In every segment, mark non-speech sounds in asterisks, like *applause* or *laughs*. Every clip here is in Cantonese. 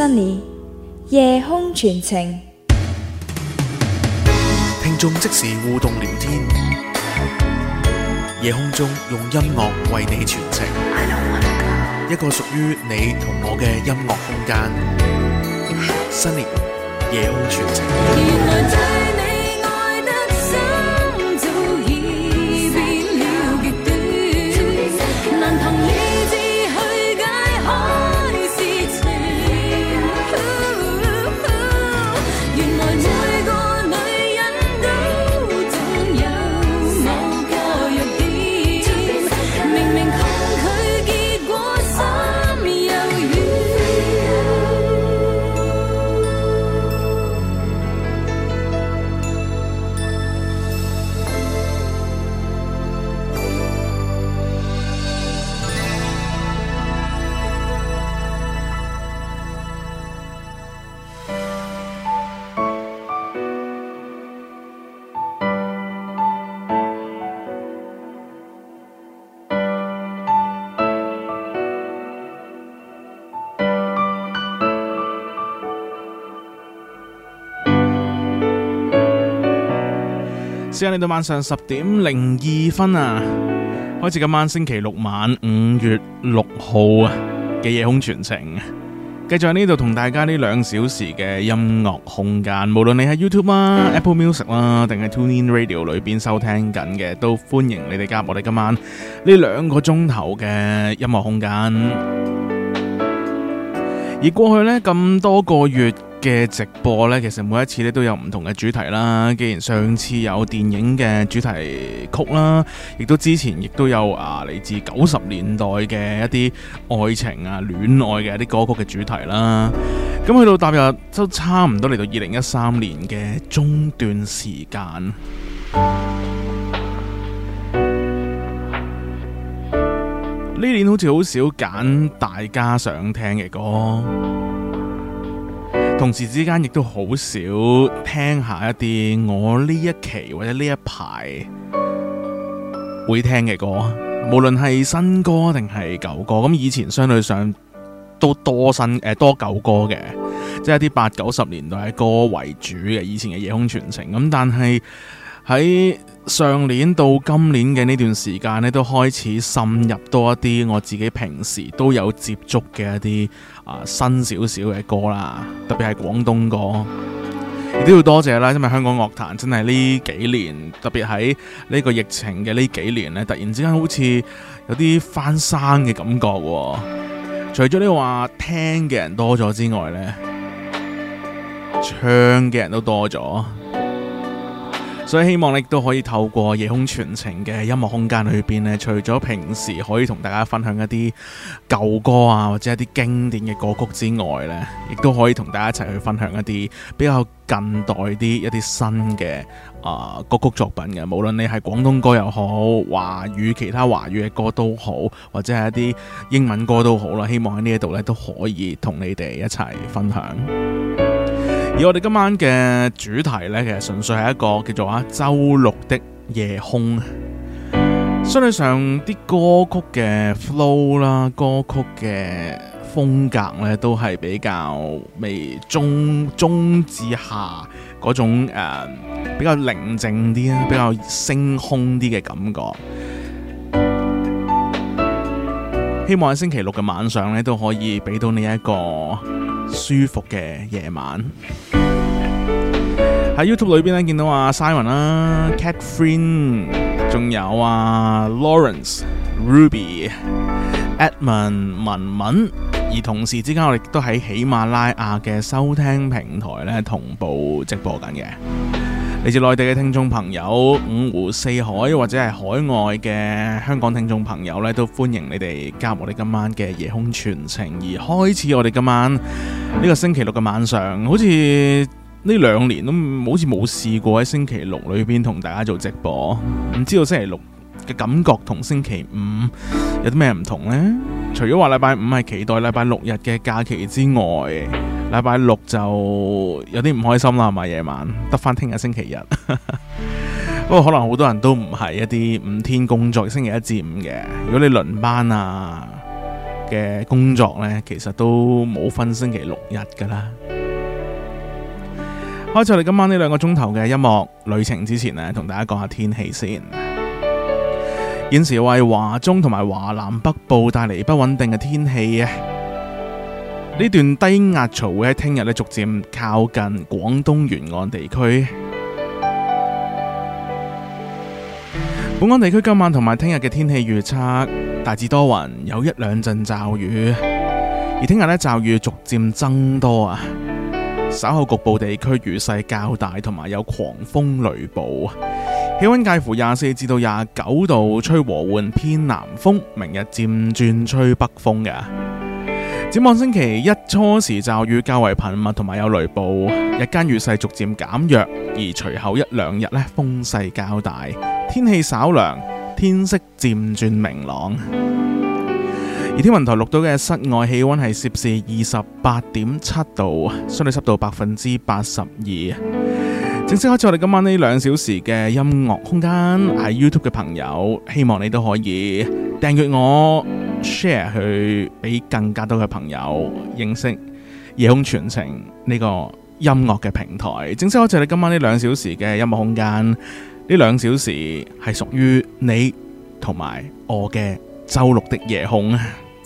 Sunny 夜空傳情，聽眾即時互動聊天，夜空中用音樂為你傳情，一個屬於你同我嘅音樂空間。Sunny 夜空傳情。時間嚟到晚上十點零二分啊！開始今晚星期六晚五月六號啊，嘅夜空全程，繼續喺呢度同大家呢兩小時嘅音樂空間。無論你喺 YouTube 啦、啊、Apple Music 啦、啊，定係 TuneIn Radio 裏邊收聽緊嘅，都歡迎你哋加入我哋今晚呢兩個鐘頭嘅音樂空間。而過去呢咁多個月，嘅直播呢，其實每一次呢都有唔同嘅主題啦。既然上次有電影嘅主題曲啦，亦都之前亦都有啊，嚟自九十年代嘅一啲愛情啊、戀愛嘅一啲歌曲嘅主題啦。咁、嗯、去到踏入都差唔多嚟到二零二三年嘅中段時間，呢年，年好似好少揀大家想聽嘅歌。同事之間亦都好少聽下一啲我呢一期或者呢一排會聽嘅歌，無論係新歌定係舊歌。咁以前相對上都多新誒、呃、多舊歌嘅，即係一啲八九十年代嘅歌為主嘅。以前嘅夜空傳情咁，但係。喺上年到今年嘅呢段時間呢，都開始滲入多一啲我自己平時都有接觸嘅一啲啊新少少嘅歌啦，特別係廣東歌。亦都要多謝啦，因為香港樂壇真係呢幾年，特別喺呢個疫情嘅呢幾年咧，突然之間好似有啲翻生嘅感覺，哦。除咗你話聽嘅人多咗之外呢，唱嘅人都多咗。所以希望你都可以透過夜空傳情嘅音樂空間裏邊呢除咗平時可以同大家分享一啲舊歌啊，或者一啲經典嘅歌曲之外呢，亦都可以同大家一齊去分享一啲比較近代啲一啲新嘅，啊、呃、歌曲作品嘅。無論你係廣東歌又好，華語其他華語嘅歌都好，或者係一啲英文歌都好啦。希望喺呢一度呢都可以同你哋一齊分享。而我哋今晚嘅主題呢，其實純粹係一個叫做啊週六的夜空。相對上啲歌曲嘅 flow 啦，歌曲嘅風格呢，都係比較未中中至下嗰種誒、呃，比較寧靜啲啊，比較星空啲嘅感覺。希望喺星期六嘅晚上呢，都可以俾到你一個舒服嘅夜晚。喺 YouTube 裏邊咧見到啊 Simon 啦、啊、Catherine 仲有啊 Lawrence、Ruby、Edmond 文文。而同時之間我哋都喺喜馬拉雅嘅收聽平台咧同步直播緊嘅。嚟自內地嘅聽眾朋友、五湖四海或者係海外嘅香港聽眾朋友咧，都歡迎你哋加入我哋今晚嘅夜空傳情。而開始我哋今晚呢個星期六嘅晚上，好似。呢兩年都好似冇試過喺星期六裏邊同大家做直播，唔知道星期六嘅感覺同星期五有啲咩唔同呢？除咗話禮拜五係期待禮拜六日嘅假期之外，禮拜六就有啲唔開心啦，係嘛，夜晚得翻聽日星期日。 *laughs* 不過可能好多人都唔係一啲五天工作星期一至五嘅。如果你輪班啊嘅工作呢，其實都冇分星期六日噶啦。開始我哋今晚呢兩個鐘頭嘅音樂旅程之前呢，同大家講下天氣先。現時為華中同埋華南北部帶嚟不穩定嘅天氣啊。呢段低壓槽會喺聽日呢逐漸靠近廣東沿岸地區。本港地區今晚同埋聽日嘅天氣預測大致多雲，有一兩陣驟雨，而聽日呢驟雨逐漸增多啊！稍後局部地區雨勢較大，同埋有狂風雷暴。氣溫介乎廿四至到廿九度，吹和緩偏偏南風。明日漸轉吹北風。嘅展望星期一初時驟雨較為頻密，同埋有雷暴。日間雨勢逐漸減弱，而隨後一兩日呢風勢較大，天氣稍涼，天色漸轉明朗。而天文台錄到嘅室外氣溫係攝氏二十八點七度，相對濕度百分之八十二。正式開始我哋今晚呢兩小時嘅音樂空間，喺 YouTube 嘅朋友，希望你都可以訂閱我 share 去俾更加多嘅朋友認識夜空傳情呢個音樂嘅平台。正式開始我哋今晚呢兩小時嘅音樂空間，呢兩小時係屬於你同埋我嘅周六的夜空。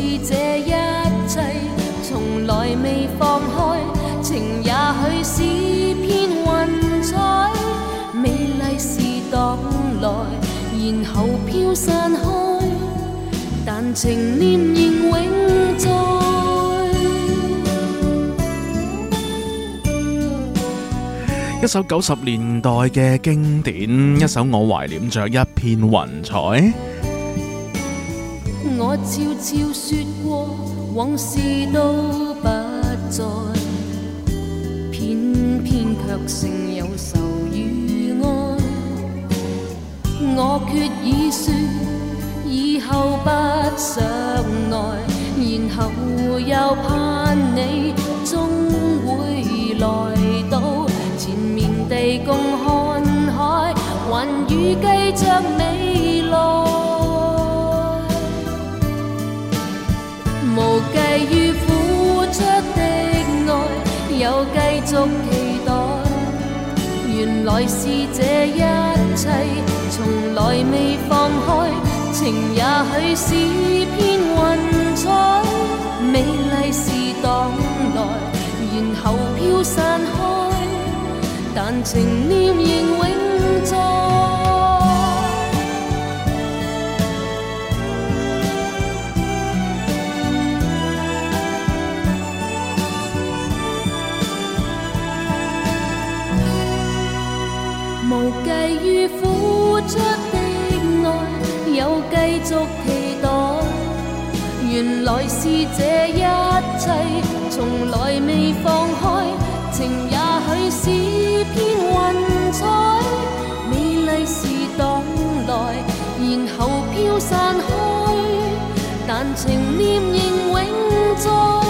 是這一切從來未放開，情也許是片雲彩，美麗是蕩來，然後飄散開，但情念仍永在。一首九十年代嘅經典，一首我懷念着一片雲彩。我悄悄説過，往事都不再，偏偏卻剩有愁與哀。我決意説以後不想愛，然後又盼你終會來到，前面地共看海，還預計着未來。無計於付出的愛，有繼續期待。原來是這一切從來未放開。情也許是片雲彩，美麗是蕩來，然後飄散開。但情念仍永在。付出的愛，有繼續期待。原來是這一切從來未放開。情也許是片雲彩，美麗是當來，然後飄散開。但情念仍永在。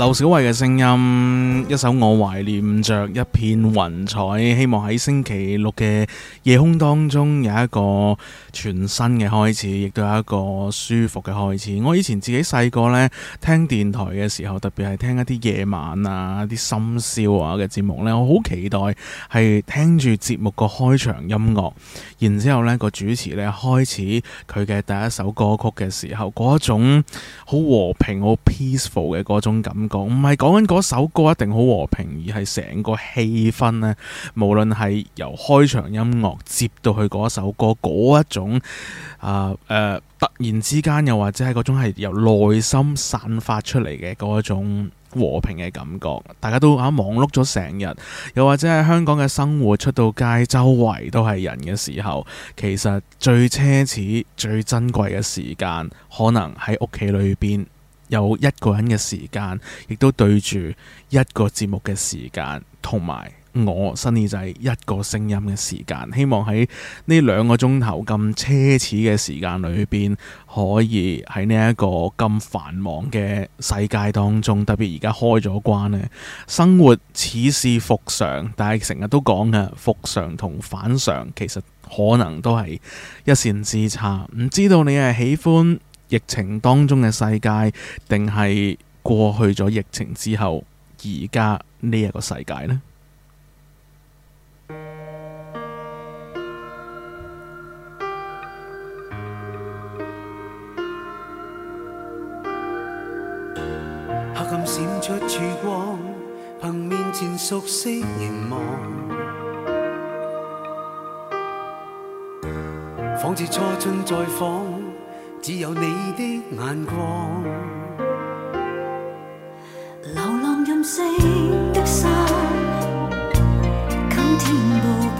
劉小慧嘅聲音，一首我懷念着一片雲彩，希望喺星期六嘅夜空當中有一個全新嘅開始，亦都有一個舒服嘅開始。我以前自己細個咧聽電台嘅時候，特別係聽一啲夜晚啊、啲深宵啊嘅節目咧，我好期待係聽住節目個開場音樂，然之後咧個主持咧開始佢嘅第一首歌曲嘅時候，嗰種好和平、好 peaceful 嘅嗰種感覺。講唔係講緊嗰首歌一定好和平，而係成個氣氛呢，無論係由開場音樂接到去嗰首歌，嗰一種啊誒、呃呃，突然之間又或者係嗰種係由內心散發出嚟嘅嗰一種和平嘅感覺。大家都啊忙碌咗成日，又或者係香港嘅生活，出到街周圍都係人嘅時候，其實最奢侈、最珍貴嘅時間，可能喺屋企裏邊，有一個人嘅時間，亦都對住一個節目嘅時間，同埋我 Sunny 呢一個聲音嘅時間。希望喺呢兩個鐘頭咁奢侈嘅時間裏邊，可以喺呢一個咁繁忙嘅世界當中，特別而家開咗關咧，生活似是復常，但係成日都講嘅復常同反常，其實可能都係一線之差。唔知道你係喜歡疫情當中嘅世界，定係過去咗疫情之後，而家呢一個世界呢？黑暗閃出曙光，憑面前熟悉凝望，仿似初春再訪。只有你的眼光， *noise* 流浪任性的心，今天不。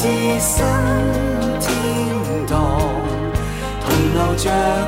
置身天堂，同流著。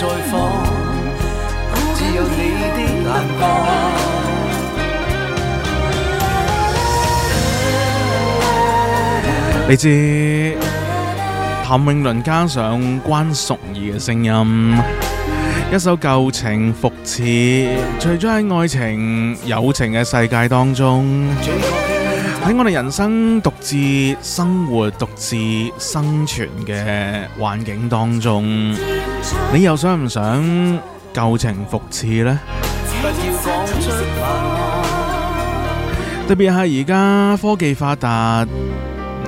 再放，只有你的眼光。你知譚詠麟加上關淑怡嘅聲音，一首舊情復熾。除咗喺愛情、友情嘅世界當中。 *music* 喺我哋人生獨自生活、獨自生存嘅環境當中，你又想唔想舊情復熾呢？特別係而家科技發達，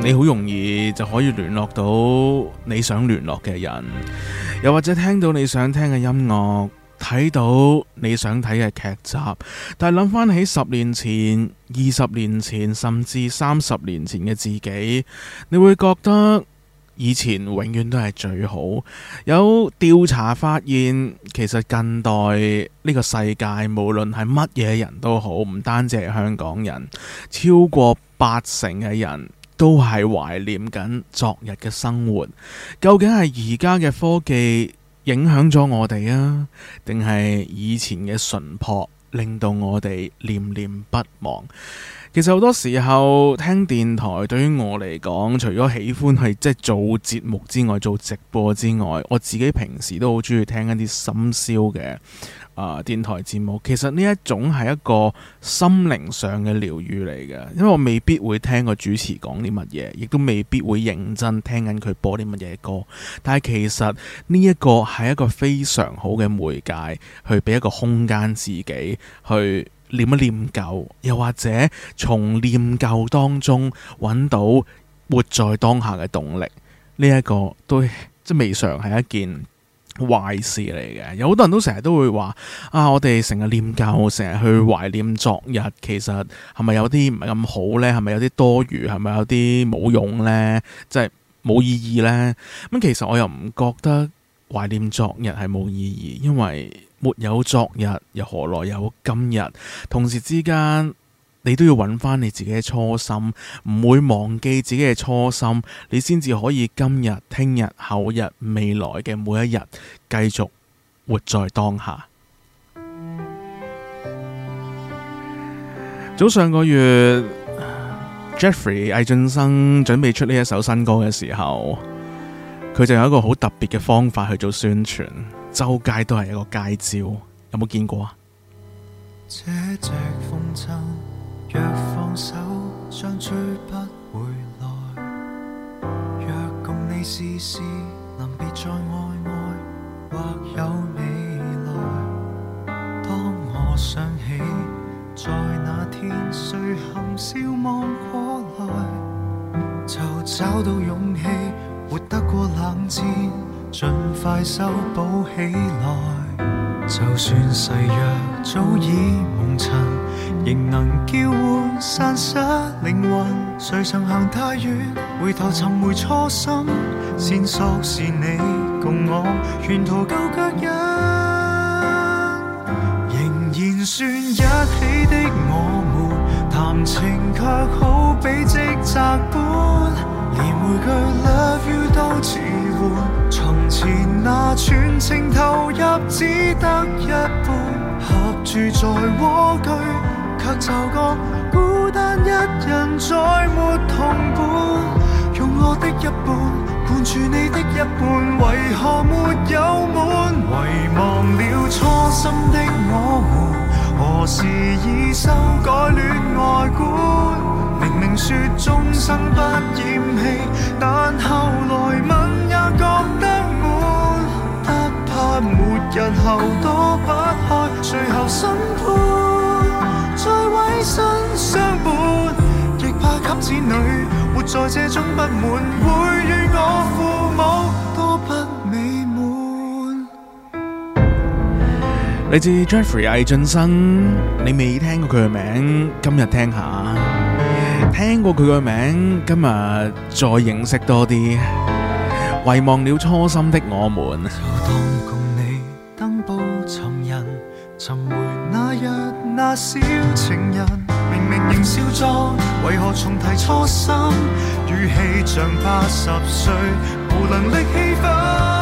你好容易就可以聯絡到你想聯絡嘅人，又或者聽到你想聽嘅音樂。睇到你想睇嘅劇集，但係諗翻起十年前、二十年前甚至三十年前嘅自己，你會覺得以前永遠都係最好。有調查發現，其實近代呢個世界，無論係乜嘢人都好，唔單止係香港人，超過八成嘅人都係懷念緊昨日嘅生活。究竟係而家嘅科技？影響咗我哋啊？定係以前嘅純樸令到我哋念念不忘？其實好多時候聽電台，對於我嚟講，除咗喜歡係即係做節目之外，做直播之外，我自己平時都好中意聽一啲深宵嘅。啊！電台節目其實呢一種係一個心靈上嘅療愈嚟嘅，因為我未必會聽個主持講啲乜嘢，亦都未必會認真聽緊佢播啲乜嘢歌。但係其實呢一個係一個非常好嘅媒介，去俾一個空間自己去念一念舊，又或者從念舊當中揾到活在當下嘅動力。呢、這、一個都即未嘗係一件。壞事嚟嘅，有好多人都成日都會話啊！我哋成日念舊，成日去懷念昨日，其實係咪有啲唔係咁好呢？係咪有啲多餘？係咪有啲冇用呢？即係冇意義呢？咁其實我又唔覺得懷念昨日係冇意義，因為沒有昨日，又何來有今日？同時之間。你都要揾翻你自己嘅初心，唔會忘記自己嘅初心，你先至可以今日、聽日、後日、未來嘅每一日繼續活在當下。早上個月，Jeffrey 魏浚笙準備出呢一首新歌嘅時候，佢就有一個好特別嘅方法去做宣傳，周街都係一個街招，有冇見過啊？着着若放手，將追不回來。若共你試試，能別再愛愛，或有未來。當我想起，在那天誰含笑望過來，就找到勇氣，活得過冷戰，盡快修補起來。就算誓約早已蒙塵，仍能叫喚散失靈魂。誰曾行太遠，回頭尋回初心。線索是你共我，沿途留腳印，仍然算一起的我們。談情卻好比職責般。連每句 love you 都遲緩，從前那全情投入只得一半，合住在蝸居，卻就覺孤單一人，再沒同伴。用我的一半，灌住你的一半，為何沒有滿？遺忘了初心的我們，何時已修改戀愛觀？明明說終生不厭棄，但後來問也覺得悶，不怕末日後躲不開，最後審判再委身相伴，亦怕給子女活在這種不滿，會怨我父母多不美滿。來自 Jeffrey 魏浚笙，你未聽過佢嘅名，今日聽下。聽過佢個名，今日再認識多啲，遺忘了初心的我們。就當共你登報尋人，尋回那日那小情人。明明仍笑著，為何重提初心？語氣像八十歲，無能力氣憤。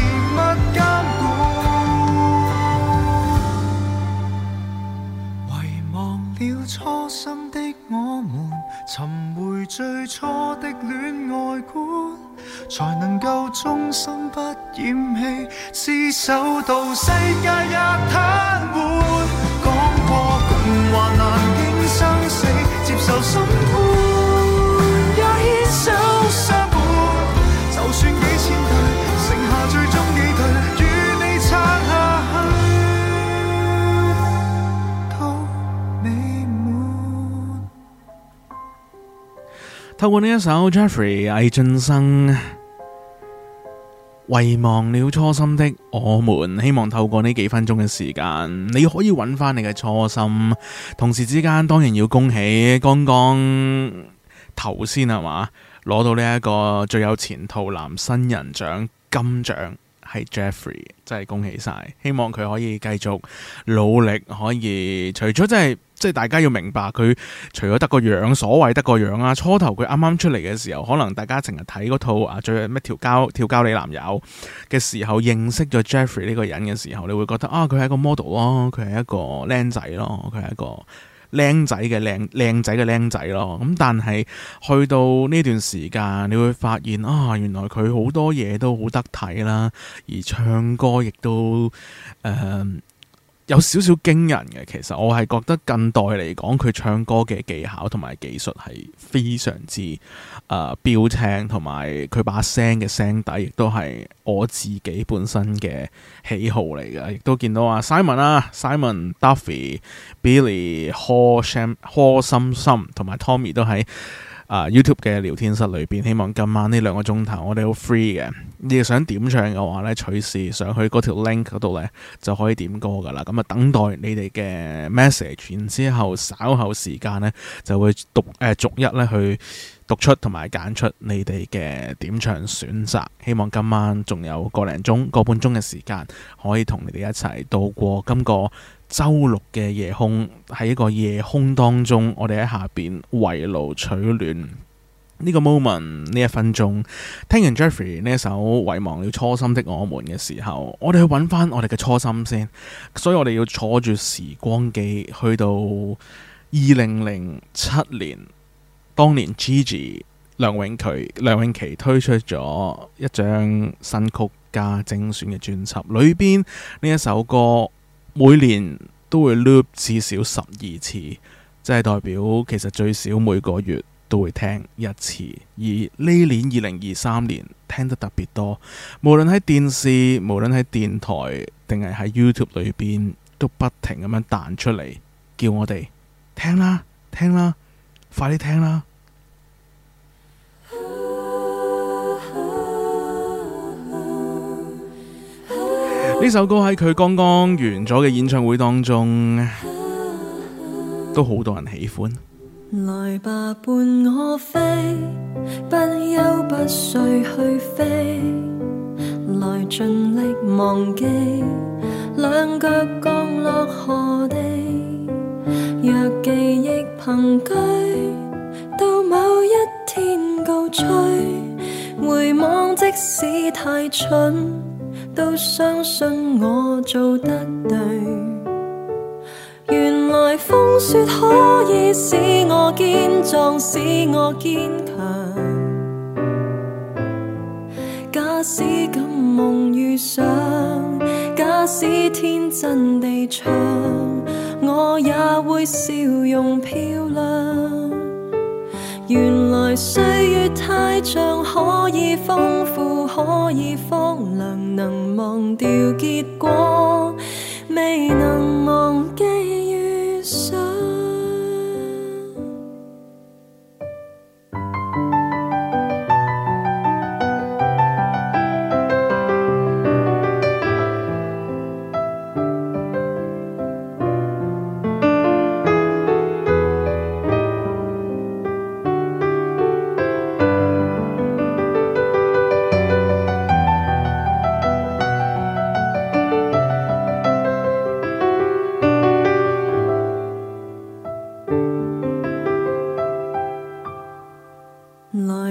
最初的戀愛觀，才能夠終生不嫌棄，廝守到世界也癱瘓，講過共患難，經生死，接受心。透過呢一首 Jeffrey 魏浚笙《遺忘了初心的我們》，希望透過呢幾分鐘嘅時間，你可以揾翻你嘅初心。同時之間當然要恭喜剛剛頭先係嘛，攞到呢一個最有前途男新人獎金獎係 Jeffrey，真係恭喜晒！希望佢可以繼續努力，可以除咗真係。即係大家要明白佢除咗得個樣，所謂得個樣啊！初頭佢啱啱出嚟嘅時候，可能大家成日睇嗰套啊，最咩調教調教你男友嘅時候，認識咗 Jeffrey 呢個人嘅時候，你會覺得啊，佢係一個 model 咯，佢係一個靚仔咯，佢係一個靚仔嘅靚靚仔嘅靚仔咯。咁但係去到呢段時間，你會發現啊，原來佢好多嘢都好得睇啦，而唱歌亦都誒。呃有少少驚人嘅，其實我係覺得近代嚟講，佢唱歌嘅技巧同埋技術係非常之誒標青，同埋佢把聲嘅聲底亦都係我自己本身嘅喜好嚟嘅，亦都見到啊 Simon 啊 Simon Duffy Billy Ho Sham Ho Sum Sum 同埋 Tommy 都喺。啊，YouTube 嘅聊天室裏邊，希望今晚呢兩個鐘頭我哋好 free 嘅，你哋想點唱嘅話呢，隨時上去嗰條 link 嗰度呢，就可以點歌噶啦。咁啊，等待你哋嘅 message，然之後稍後時間呢，就會讀誒、呃、逐一呢去讀出同埋揀出你哋嘅點唱選擇。希望今晚仲有個零鐘、個半鐘嘅時間，可以同你哋一齊度過今、這個。週六嘅夜空，喺一個夜空當中，我哋喺下邊圍爐取暖。呢、這個 moment，呢一分鐘，聽完 Jeffrey 呢一首遺忘了初心的我們嘅時候，我哋去揾翻我哋嘅初心先。所以我哋要坐住時光機去到二零零七年，當年 Gigi 梁詠琪梁詠琪推出咗一張新曲加精選嘅專輯，裏邊呢一首歌。每年都會 loop 至少十二次，即係代表其實最少每個月都會聽一次。而呢年二零二三年聽得特別多，無論喺電視、無論喺電台定係喺 YouTube 裏邊，都不停咁樣彈出嚟叫我哋聽啦，聽啦，快啲聽啦！呢首歌喺佢剛剛完咗嘅演唱會當中，都好多人喜歡。來吧，伴我飛，不休不睡去飛，來盡力忘記，兩腳降落何地？若記憶憑據，到某一天告吹，回望即使太蠢，都相信我做得對，原來風雪可以使我堅壯，使我堅強。假使敢夢遇上，假使天真地唱，我也會笑容漂亮。原來歲月太長，可以豐富，可以荒涼，能忘掉結果，未能忘記。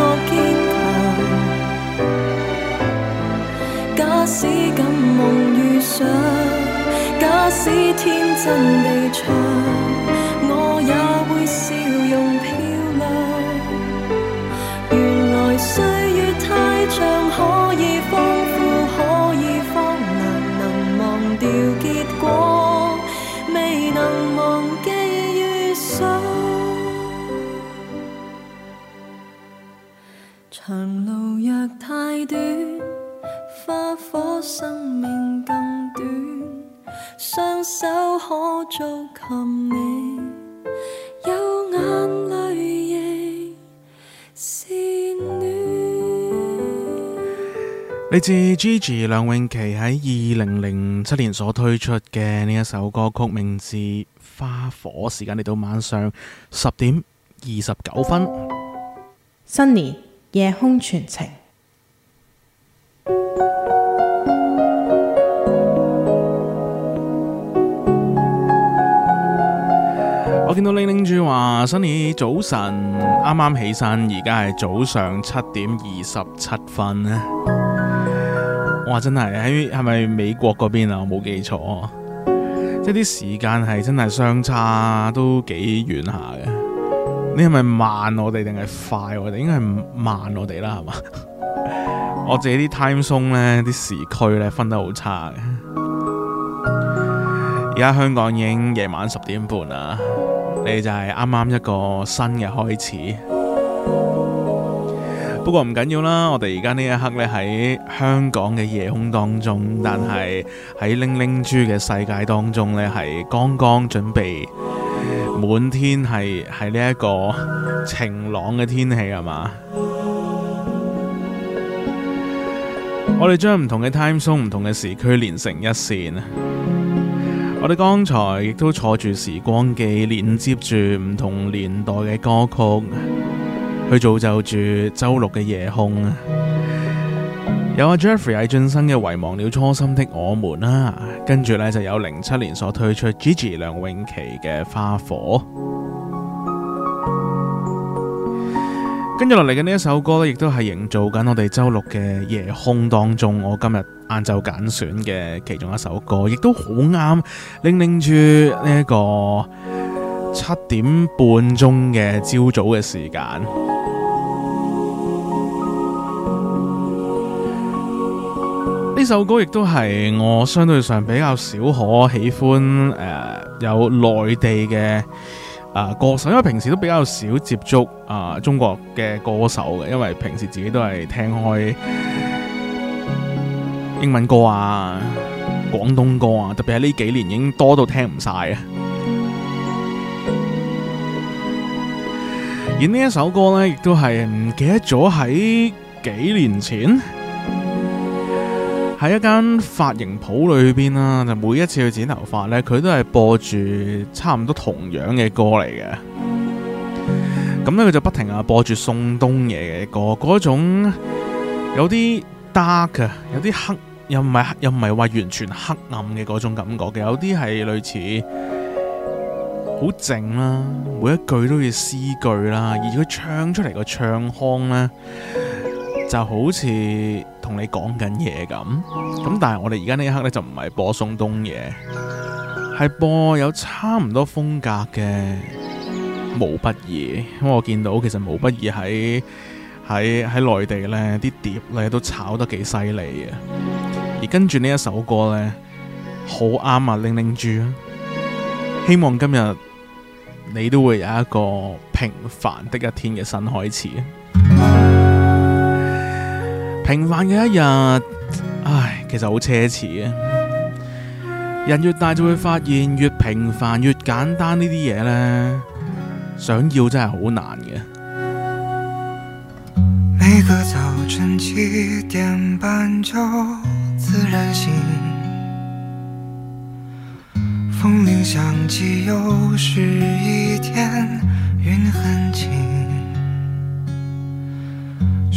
我堅強，假使敢夢與想，假使天真地唱。我做琴，你有眼淚亦是暖。嚟自 Gigi 梁詠琪喺二零零七年所推出嘅呢一首歌曲，名字《花火》，時間嚟到晚上十點二十九分，Sunny 夜空傳情。我見到 Ling Ling 豬話：Sunny 早晨剛剛，啱啱起身，而家係早上七點二十七分咧。哇，真係喺係咪美國嗰邊啊？我冇記錯，即係啲時間係真係相差都幾遠下嘅。你係咪慢我哋定係快我哋？應該係慢我哋啦，係嘛？ *laughs* 我自己啲 time zone 啲時區呢，分得好差嘅。而家香港已經夜晚十點半啦。你就係啱啱一個新嘅開始，不過唔緊要啦。我哋而家呢一刻咧，喺香港嘅夜空當中，但係喺玲玲豬嘅世界當中咧，係剛剛準備滿天，係係呢一個晴朗嘅天氣係嘛？ *noise* 我哋將唔同嘅 time zone 唔同嘅時區連成一線。我哋剛才亦都坐住時光機，連接住唔同年代嘅歌曲，去造就住周六嘅夜空。有阿、啊、Jeffrey 喺最新嘅《遺忘了初心》的我們啦，跟住呢，就有零七年所推出 Gigi 梁詠琪嘅《花火》。跟住落嚟嘅呢一首歌呢，亦都係營造緊我哋周六嘅夜空當中，我今日晏晝揀選嘅其中一首歌，亦都好啱拎拎住呢一個七點半鐘嘅朝早嘅時間。呢首歌亦都係我相對上比較少可喜歡誒，呃，有內地嘅。啊、呃，歌手，因為平時都比較少接觸啊、呃、中國嘅歌手嘅，因為平時自己都係聽開英文歌啊、廣東歌啊，特別係呢幾年已經多到聽唔晒啊。而呢一首歌呢，亦都係唔記得咗喺幾年前。喺一間髮型鋪裏邊啦，就每一次去剪頭髮呢，佢都係播住差唔多同樣嘅歌嚟嘅。咁、嗯、呢，佢就不停啊播住宋冬野嘅歌，嗰種有啲 dark 有啲黑，又唔係又唔係話完全黑暗嘅嗰種感覺嘅，有啲係類似好靜啦，每一句都要詩句啦，而佢唱出嚟個唱腔呢。就好似同你講緊嘢咁，咁但係我哋而家呢一刻呢，就唔係播宋冬野，係播有差唔多風格嘅毛不易。咁我見到其實毛不易喺喺喺內地呢啲碟呢都炒得幾犀利嘅，而跟住呢一首歌呢，好啱啊！令令豬，希望今日你都會有一個平凡的一天嘅新開始。嗯平凡嘅一日，唉，其實好奢侈嘅。人越大就會發現，越平凡越簡單呢啲嘢呢，想要真係好難嘅。每個早晨七點半就自然醒，風鈴響起又是一天，雲很輕。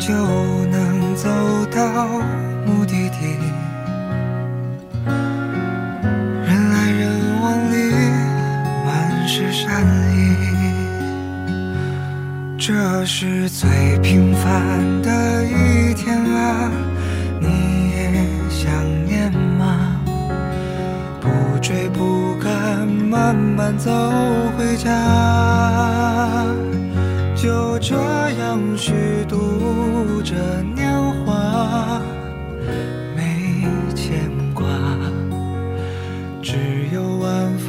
就能走到目的地。人來人往裏滿是善意。這是最平凡的一天啊，你也想念嗎？不追不趕，慢慢走回家。就這樣虛度。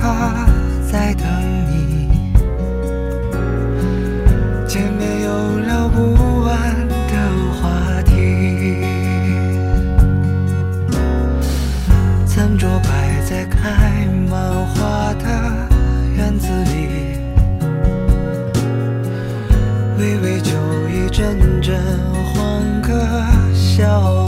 他在等你，見面有聊不完的話題。餐桌擺在開滿花的院子裏，微微酒意，陣陣歡歌笑語。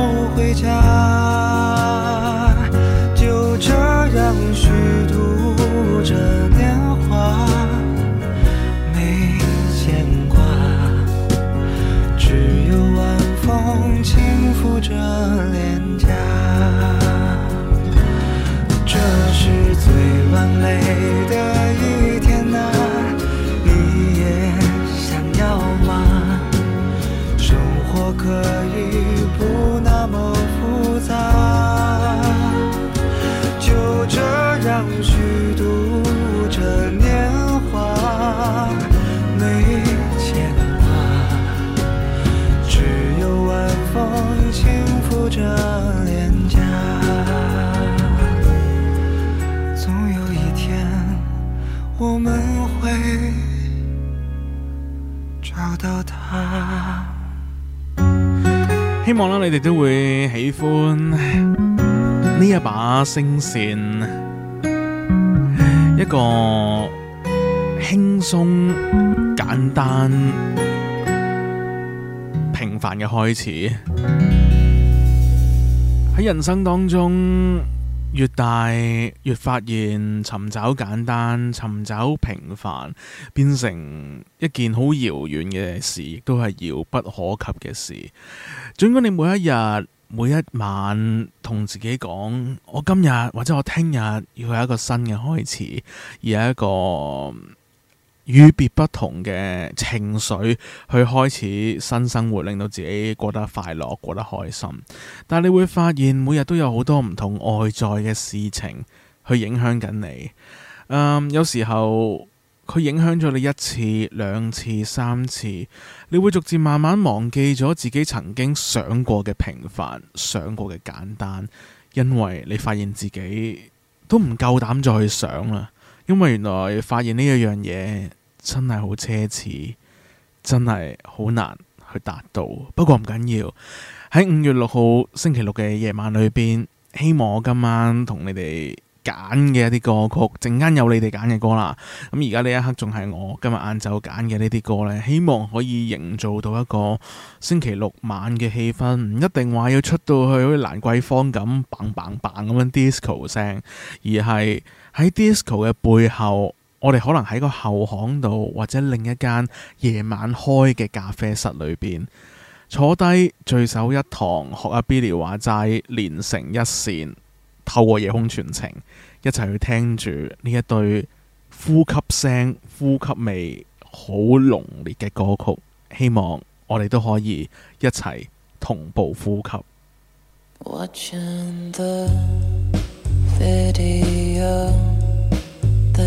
希望啦，你哋都會喜歡呢一把聲線，一個輕鬆、簡單、平凡嘅開始。喺人生當中。越大越發現，尋找簡單、尋找平凡，變成一件好遙遠嘅事，都係遙不可及嘅事。儘管你每一日、每一晚，同自己講：我今日或者我聽日要有一個新嘅開始，要有一個。與別不同嘅情緒去開始新生活，令到自己過得快樂、過得開心。但係你會發現，每日都有好多唔同外在嘅事情去影響緊你。嗯，有時候佢影響咗你一次、兩次、三次，你會逐漸慢慢忘記咗自己曾經想過嘅平凡、想過嘅簡單，因為你發現自己都唔夠膽再去想啦。因為原來發現呢一樣嘢。真係好奢侈，真係好難去達到。不過唔緊要，喺五月六號星期六嘅夜晚裏邊，希望我今晚同你哋揀嘅一啲歌曲，陣間有你哋揀嘅歌啦。咁而家呢一刻仲係我今日晏晝揀嘅呢啲歌呢，希望可以營造到一個星期六晚嘅氣氛，唔一定話要出到去好似蘭桂坊咁棒棒棒 g b 咁樣 disco 聲，而係喺 disco 嘅背後。我哋可能喺個後巷度，或者另一間夜晚開嘅咖啡室裏邊坐低聚首一堂，學阿 Billy 話齋，連成一線，透過夜空傳情一齊去聽住呢一對呼吸聲、呼吸味好濃烈嘅歌曲。希望我哋都可以一齊同步呼吸。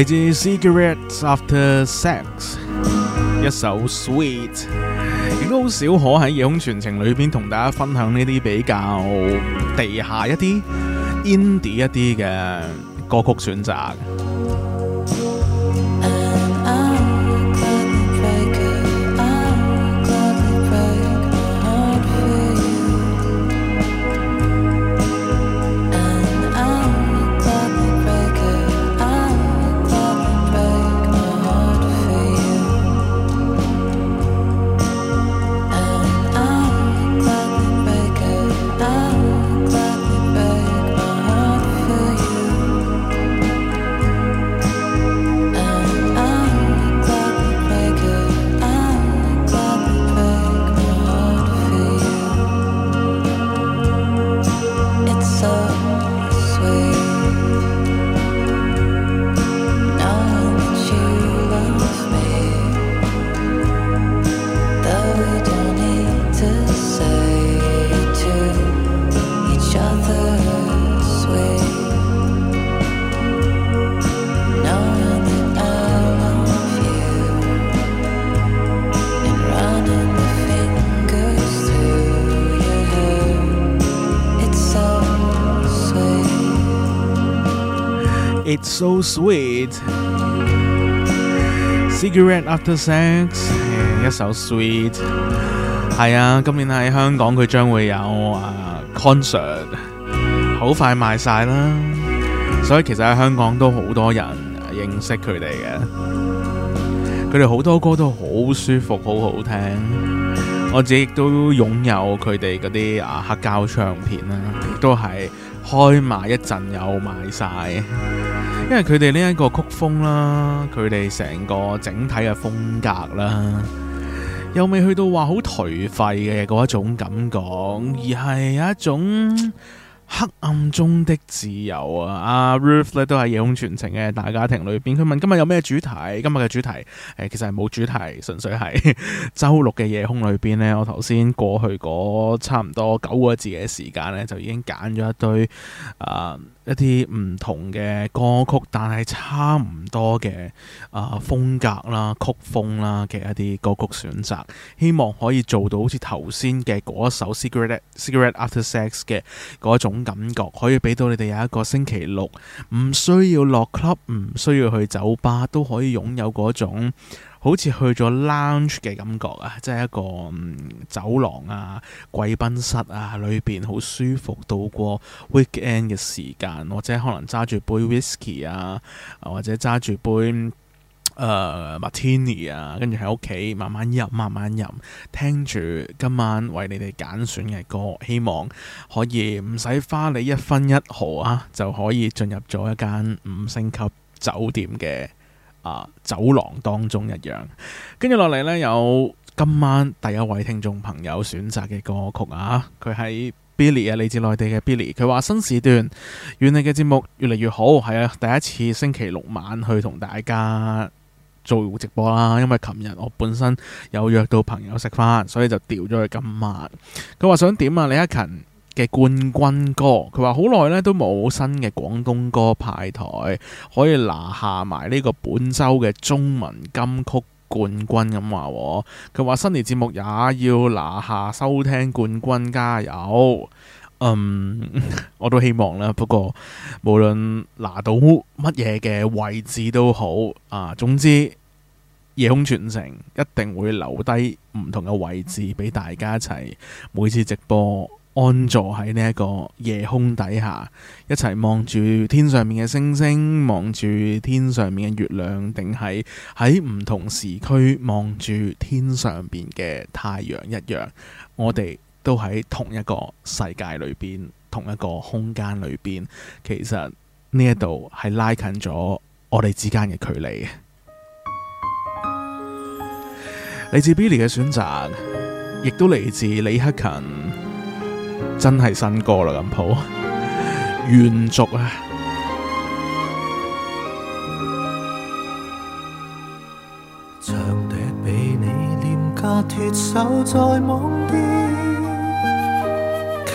嚟自 Cigarettes After Sex 一首 Sweet，亦都好少可喺夜空傳情裏邊同大家分享呢啲比較地下一啲、indie 一啲嘅歌曲選擇。So sweet, Cigarette After Sex，一、yeah，首、so、sweet，係啊，今年喺香港佢將會有啊、uh, concert，好快賣晒啦，所以其實喺香港都好多人認識佢哋嘅，佢哋好多歌都好舒服，好好聽，我自己都擁有佢哋嗰啲啊黑膠唱片啦，都係。開埋一陣又賣晒，因為佢哋呢一個曲風啦，佢哋成個整體嘅風格啦，又未去到話好頹廢嘅嗰一種感覺，而係有一種。黑暗中的自由啊！阿 Ruth 咧，都係夜空全程嘅大家庭裏邊。佢問，今日有咩主題？今日嘅主題誒、呃，其實係冇主題，純粹係周六嘅夜空裏邊咧。我頭先過去嗰差唔多九個字嘅時間咧，就已經揀咗一堆啊、呃、一啲唔同嘅歌曲，但係差唔多嘅啊、呃、風格啦、曲風啦嘅一啲歌曲選擇，希望可以做到好似頭先嘅一首《Cigarettes Cigarettes After Sex》嘅嗰一種感覺可以俾到你哋有一個星期六，唔需要落 club，唔需要去酒吧，都可以擁有嗰種好似去咗 lounge 嘅感覺啊！即係一個酒、嗯、廊啊、貴賓室啊，裏邊好舒服度過 weekend 嘅時間，或者可能揸住杯 whisky 啊，或者揸住杯。誒、uh, martini 啊，跟住喺屋企慢慢飲，慢慢飲。聽住今晚為你哋揀選嘅歌，希望可以唔使花你一分一毫啊，就可以進入咗一間五星級酒店嘅啊走廊當中一樣。跟住落嚟呢，有今晚第一位聽眾朋友選擇嘅歌曲啊，佢係 Billy 啊，嚟自內地嘅 Billy，佢話新時段願你嘅節目越嚟越好，係啊，第一次星期六晚去同大家。做直播啦，因為琴日我本身有約到朋友食飯，所以就掉咗去今晚。佢話想點啊？李克勤嘅冠軍歌，佢話好耐咧都冇新嘅廣東歌派台，可以拿下埋呢個本周嘅中文金曲冠軍咁話，佢話新年節目也要拿下收聽冠軍，加油！嗯，um, 我都希望啦。不過無論拿到乜嘢嘅位置都好，啊，總之夜空傳情一定會留低唔同嘅位置俾大家一齊每次直播安坐喺呢一個夜空底下，一齊望住天上面嘅星星，望住天上面嘅月亮，定係喺唔同時區望住天上邊嘅太陽一樣，我哋，嗯。都喺同一個世界裏邊，同一個空間裏邊，其實呢一度係拉近咗我哋之間嘅距離。嚟自 Billy 嘅選擇，亦都嚟自李克勤，真係新歌啦，咁保，延 *laughs* 續啊！長笛被你廉價脫手，在網店。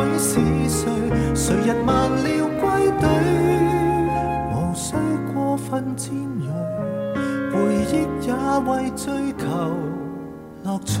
會是誰？誰人慢了歸隊，無需過分尖銳回憶，也為追求樂趣。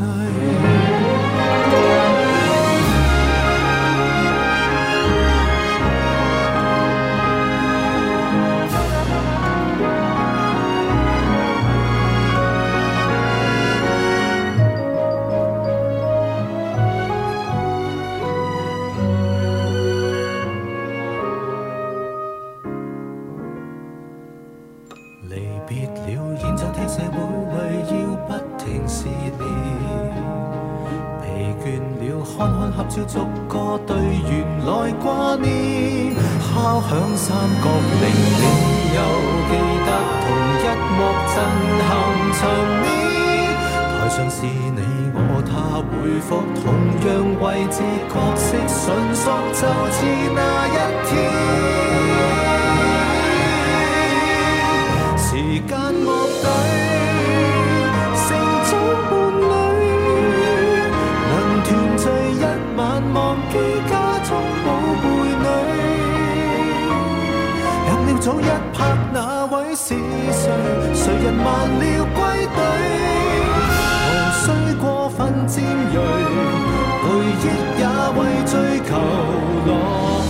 三角令你又記得同一幕震撼場面，台上是你我他，回復同樣位置角色，迅速就似那一天。誰人忘了歸隊？無需過分尖鋭，回憶也為追求樂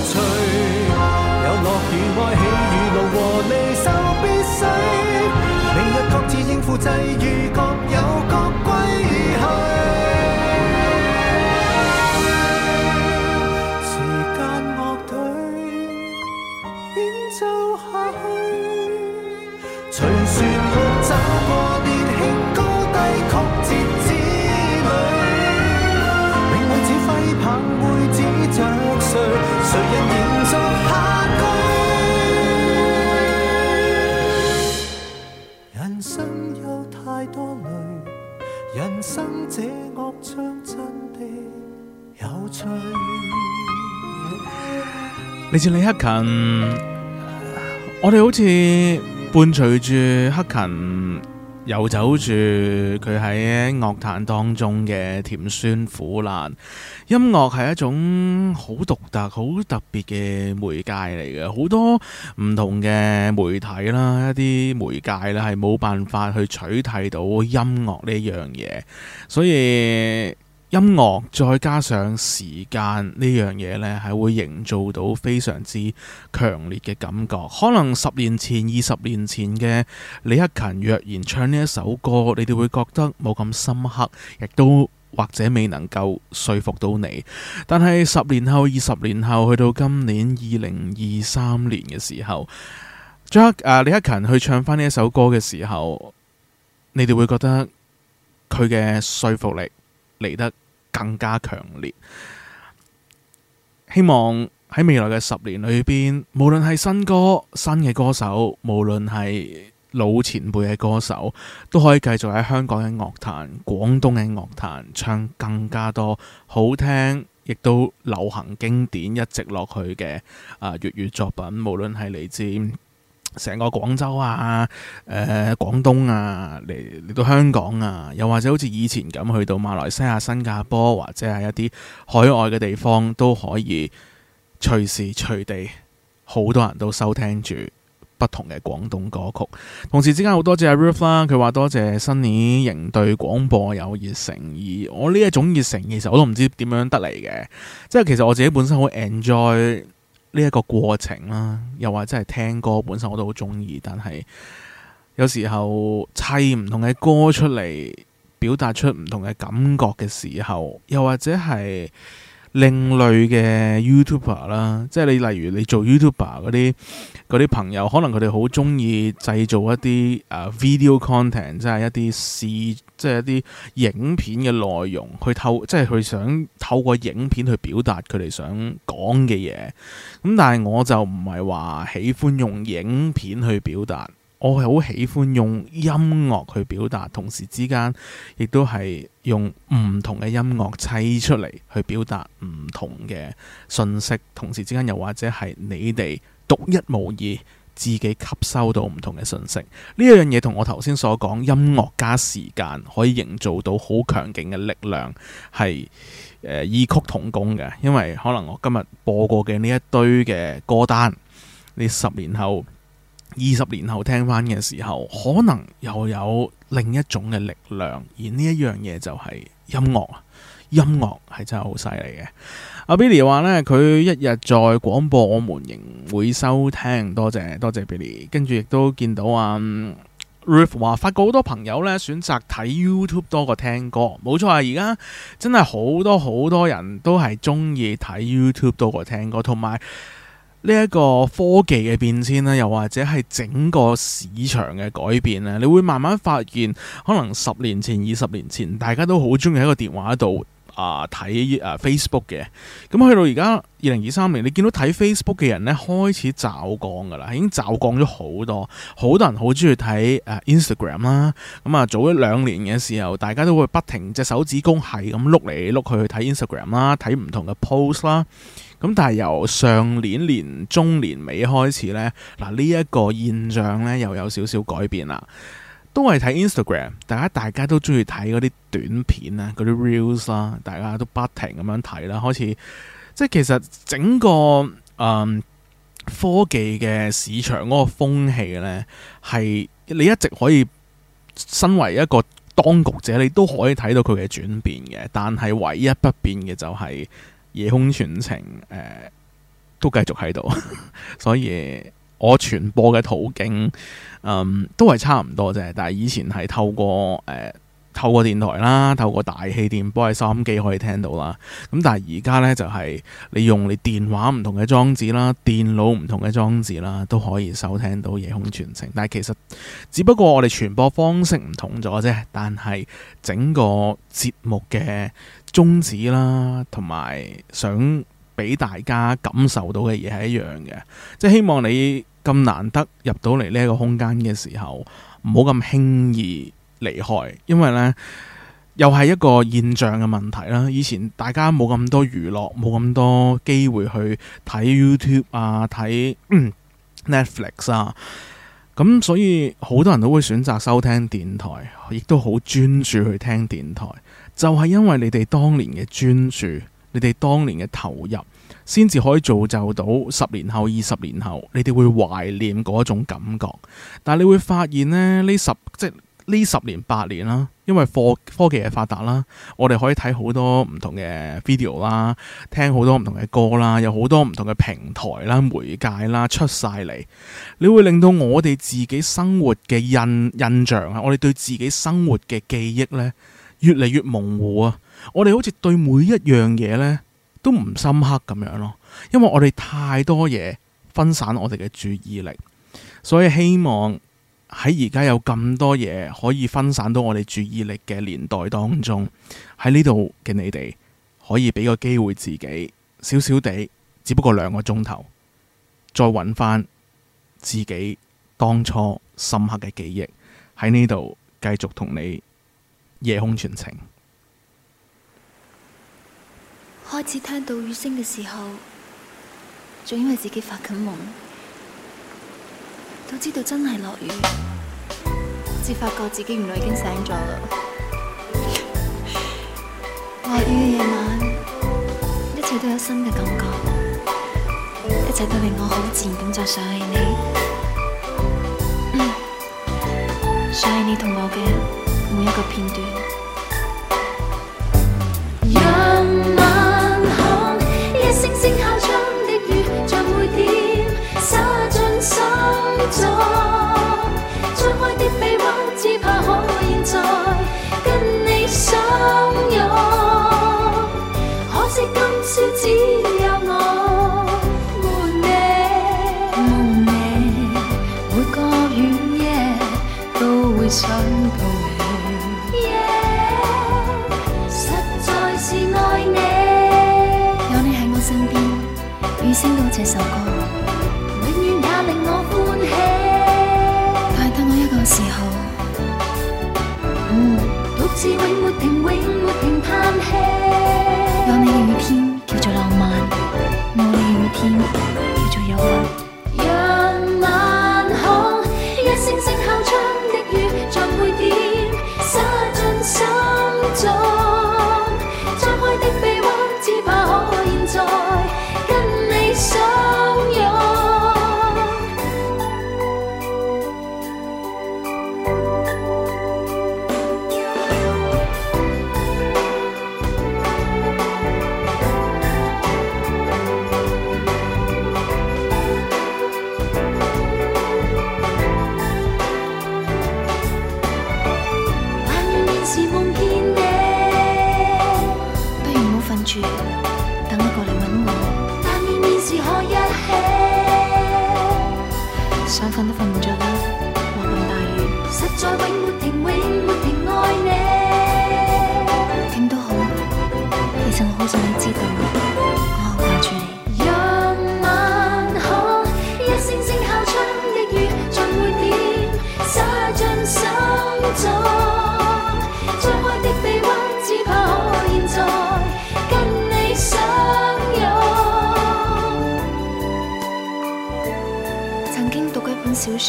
趣。 *noise* 有樂與哀，喜與怒和離愁必須。明日各自應付際遇，各有各。你似李，李克勤，我哋好似伴隨住克勤，遊走住佢喺樂壇當中嘅甜酸苦辣。音樂係一種好獨特、好特別嘅媒介嚟嘅，好多唔同嘅媒體啦，一啲媒介咧係冇辦法去取締到音樂呢樣嘢，所以。音樂再加上時間呢樣嘢呢，係會營造到非常之強烈嘅感覺。可能十年前、二十年前嘅李克勤若然唱呢一首歌，你哋會覺得冇咁深刻，亦都或者未能夠說服到你。但係十年後、二十年後，去到今年二零二三年嘅時候，再阿李克勤去唱返呢一首歌嘅時候，你哋會覺得佢嘅說服力，嚟得更加強烈，希望喺未來嘅十年裏邊，無論係新歌、新嘅歌手，無論係老前輩嘅歌手，都可以繼續喺香港嘅樂壇、廣東嘅樂壇，唱更加多好聽，亦都流行經典一直落去嘅啊粵語作品，無論係嚟自，成個廣州啊，誒、呃、廣東啊，嚟嚟到香港啊，又或者好似以前咁去到馬來西亞、新加坡，或者係一啲海外嘅地方，都可以隨時隨地，好多人都收聽住不同嘅廣東歌曲。同時之間好多謝阿 Ruth 啦，佢話多謝新年仍對廣播有熱誠，而我呢一種熱誠其實我都唔知點樣得嚟嘅，即係其實我自己本身好 enjoy。呢一個過程啦，又或者係聽歌本身我都好中意，但係有時候砌唔同嘅歌出嚟，表達出唔同嘅感覺嘅時候，又或者係另類嘅 YouTuber 啦，即係你例如你做 YouTuber 嗰啲嗰啲朋友，可能佢哋好中意製造一啲啊、uh, video content，即係一啲視。即係一啲影片嘅內容，去透即係佢想透過影片去表達佢哋想講嘅嘢。咁但係我就唔係話喜歡用影片去表達，我係好喜歡用音樂去表達。同時之間亦都係用唔同嘅音樂砌出嚟去表達唔同嘅信息。同時之間又或者係你哋獨一無二。自己吸收到唔同嘅信息，呢一樣嘢同我頭先所講音樂加時間可以營造到好強勁嘅力量，係呃、異曲同工嘅。因為可能我今日播過嘅呢一堆嘅歌單，你十年後、二十年後聽翻嘅時候，可能又有另一種嘅力量。而呢一樣嘢就係音樂，音樂係真係好犀利嘅。阿 Billy 話呢，佢一日在廣播，我們仍會收聽，多謝多謝 Billy。跟住亦都見到啊，Ruth 話，發覺好多朋友呢選擇睇 YouTube 多過聽歌，冇錯啊！而家真係好多好多人都係中意睇 YouTube 多過聽歌，同埋呢一個科技嘅變遷呢，又或者係整個市場嘅改變咧，你會慢慢發現，可能十年前、二十年前，大家都好中意喺個電話度。啊睇啊 Facebook 嘅，咁去到而家二零二三年，你見到睇 Facebook 嘅人咧開始驟降㗎喇，已經驟降咗好多，好多人好鍾意睇啊 Instagram 啦，咁啊早一兩年嘅時候，大家都會不停隻手指公係咁碌嚟碌去去睇 Instagram 啦，睇唔同嘅 post 啦，咁、啊、但係由上年年中年尾開始咧，嗱呢一個現象咧又有少少改變啦。都係睇 Instagram，大家大家都中意睇嗰啲短片啊，嗰啲 reels 啦，大家都不停咁樣睇啦。開始即係其實整個、嗯、科技嘅市場嗰個風氣呢，係你一直可以身為一個當局者，你都可以睇到佢嘅轉變嘅。但係唯一不變嘅就係夜空傳情、呃、都繼續喺度， *laughs* 所以。我傳播嘅途徑，嗯，都係差唔多啫。但係以前係透過誒、呃，透過電台啦，透過大氣電波、收音機可以聽到啦。咁但係而家呢，就係、是、你用你電話唔同嘅裝置啦，電腦唔同嘅裝置啦，都可以收聽到夜空傳情。但係其實只不過我哋傳播方式唔同咗啫，但係整個節目嘅宗旨啦，同埋想俾大家感受到嘅嘢係一樣嘅，即係希望你。咁難得入到嚟呢個空間嘅時候，唔好咁輕易離開，因為呢又係一個現象嘅問題啦。以前大家冇咁多娛樂，冇咁多機會去睇 YouTube 啊，睇、嗯、Netflix 啊，咁所以好多人都會選擇收聽電台，亦都好專注去聽電台，就係、是、因為你哋當年嘅專注，你哋當年嘅投入。先至可以造就到十年後、二十年後，你哋會懷念嗰種感覺。但係你會發現咧，呢十即係呢十年八年啦，因為科科技嘅發達啦，我哋可以睇好多唔同嘅 video 啦，聽好多唔同嘅歌啦，有好多唔同嘅平台啦、媒介啦出晒嚟，你會令到我哋自己生活嘅印印象啊，我哋對自己生活嘅記憶呢，越嚟越模糊啊！我哋好似對每一樣嘢呢。都唔深刻咁樣咯，因為我哋太多嘢分散我哋嘅注意力，所以希望喺而家有咁多嘢可以分散到我哋注意力嘅年代當中，喺呢度嘅你哋可以俾個機會自己少少地，只不過兩個鐘頭，再搵翻自己當初深刻嘅記憶，喺呢度繼續同你夜空傳情。開始聽到雨聲嘅時候，仲以為自己發緊夢，到知道真係落雨，至發覺自己原來已經醒咗啦。落雨嘅夜晚，一切都有新嘅感覺，一切都令我好自然咁就想起你，嗯，想起你同我嘅每一個片段。正敲窗的雨，像每點灑進心中。張開的臂彎，只怕可以再跟你相擁。可惜今宵只有我伴你，夢你，每個雨夜都會想。這首歌，永遠也令我歡喜。但得我一個嘅時候，嗯。獨自永沒停，永沒停嘆氣。有你嘅雨天叫做浪漫，冇你嘅雨天。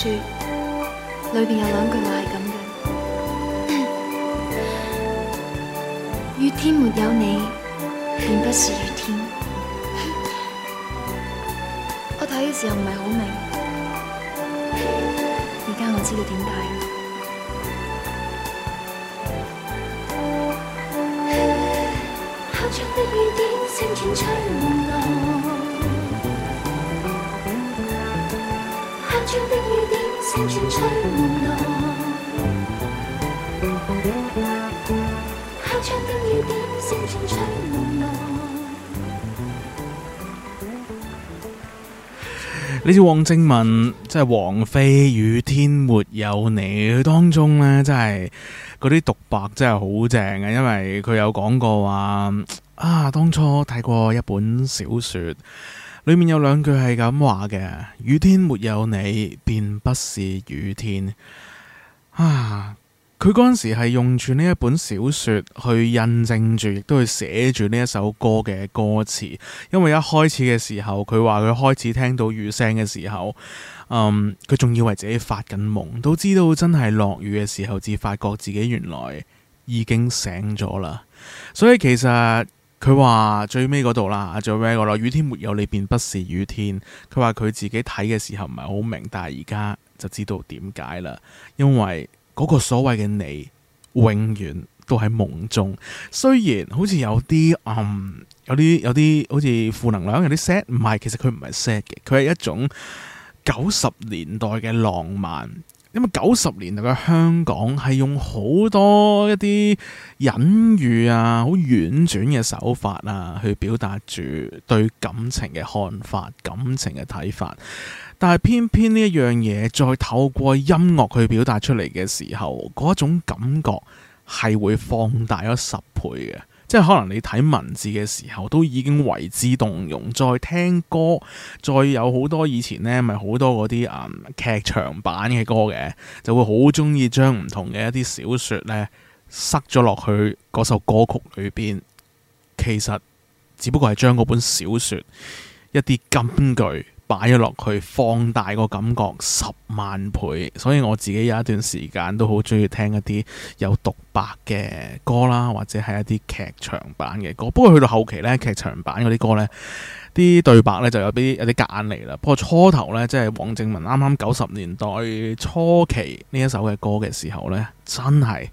裏邊有兩句話係咁嘅，雨是天沒有你便不是雨天。我睇嘅時候唔係好明，而家我知道點解。」呢支 *music* 王靖雯，即係王菲《雨天沒有你》當中呢，真係嗰啲獨白真係好正嘅，啊，因為佢有講過話啊，當初睇過一本小說。裏面有兩句係咁話嘅：雨天沒有你，便不是雨天。啊！佢嗰陣時係用住呢一本小說去印證住，亦都去寫住呢一首歌嘅歌詞。因為一開始嘅時候，佢話佢開始聽到雨聲嘅時候，嗯，佢仲以為自己發緊夢，都知道真係落雨嘅時候，至發覺自己原來已經醒咗啦。所以其實。佢話最尾嗰度啦，最尾嗰度。雨天沒有你，便不是雨天。佢話佢自己睇嘅時候唔係好明，但係而家就知道點解啦。因為嗰個所謂嘅你，永遠都喺夢中。雖然好似有啲暗、嗯，有啲有啲好似負能量，有啲 sad。唔係，其實佢唔係 sad 嘅，佢係一種九十年代嘅浪漫。因為九十年代嘅香港係用好多一啲隱喻啊、好婉轉嘅手法啊，去表達住對感情嘅看法、感情嘅睇法，但係偏偏呢一樣嘢，再透過音樂去表達出嚟嘅時候，嗰種感覺係會放大咗十倍嘅。即係可能你睇文字嘅時候都已經為之動容，再聽歌，再有好多以前，呢咪好多嗰啲啊劇場版嘅歌嘅，就會好中意將唔同嘅一啲小説呢塞咗落去嗰首歌曲裏邊。其實只不過係將嗰本小説一啲金句。擺咗落去，放大個感覺十萬倍，所以我自己有一段時間都好中意聽一啲有獨白嘅歌啦，或者係一啲劇場版嘅歌。不過去到後期呢，劇場版嗰啲歌呢，啲對白呢就有啲有啲隔硬嚟啦。不過初頭呢，即係王靖雯啱啱九十年代初期呢一首嘅歌嘅時候呢，真係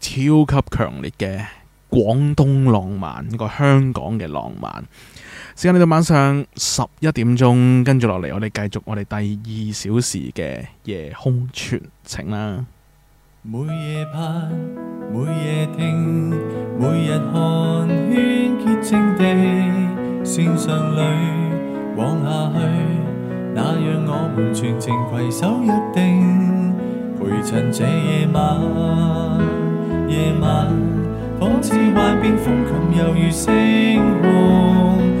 超級強烈嘅廣東浪漫個香港嘅浪漫。時間嚟到晚上十一點鐘，跟住落嚟，我哋繼續我哋第二小時嘅夜空傳情啦。每夜盼，每夜聽，每日看，喧寂靜地，綫上裏往下去，那讓我們全程攜手約定，陪襯這夜晚，夜晚仿似幻變，風琴猶如星夢。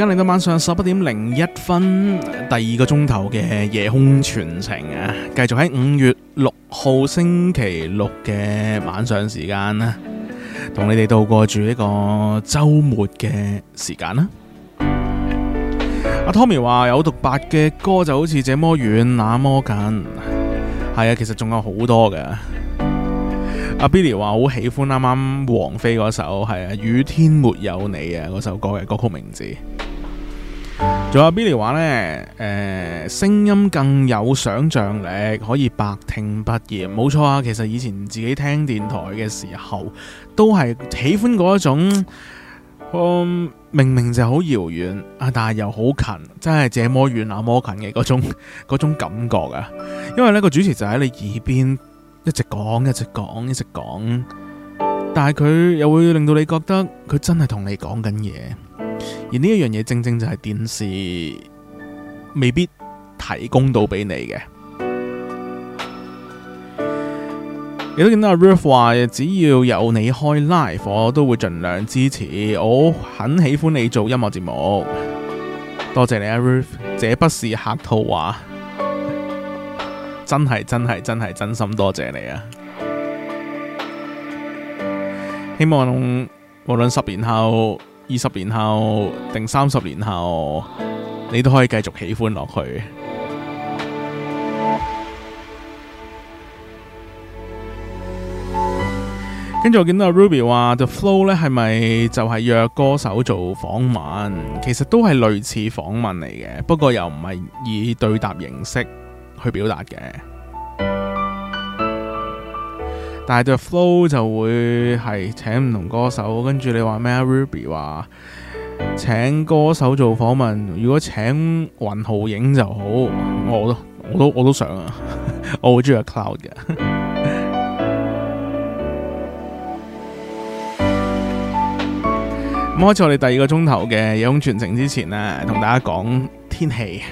而家嚟到晚上十一點零一分，第二個鐘頭嘅夜空全程啊，繼續喺五月六號星期六嘅晚上時間啦、啊，同你哋度過住呢個周末嘅時間啦、啊。阿、啊、Tommy 話有獨白嘅歌就好似這麼遠那麼近，係啊，啊，其實仲有好多㗎。阿、啊、Billy 話好喜歡啱啱王菲嗰首係啊雨天沒有你啊嗰首歌嘅歌曲名字。仲有 Billy 話呢，誒、呃，聲音更有想象力，可以百聽不厭。冇錯啊，其實以前自己聽電台嘅時候，都係喜歡嗰一種、呃，明明就好遙遠啊，但係又好近，真係這麼遠那麼近嘅嗰種 *laughs* 嗰種感覺啊。因為呢個主持就喺你耳邊一直講，一直講，一直講，但係佢又會令到你覺得佢真係同你講緊嘢。而呢一樣嘢正正就係電視未必提供到俾你嘅。你都見到阿 Ruth 話，只要有你開 live，我都會盡量支持。我很喜歡你做音樂節目，多謝你啊 Ruth，這不是客套話， *laughs* 真係真係真係真心多謝你啊！希望無論十年後。二十年後定三十年後，你都可以繼續喜歡落去。跟住我見到 Ruby 話，The Flow 呢係咪就係約歌手做訪問？其實都係類似訪問嚟嘅，不過又唔係以對答形式去表達嘅。但係對 flow 就會係請唔同歌手，跟住你話咩 Ruby 話請歌手做訪問，如果請雲浩影就好，我都我都我都，我都想啊， *laughs* 我好中意個 cloud 嘅。咁開始我哋第二個鐘頭嘅夜空傳情之前呢、啊，同大家講天氣。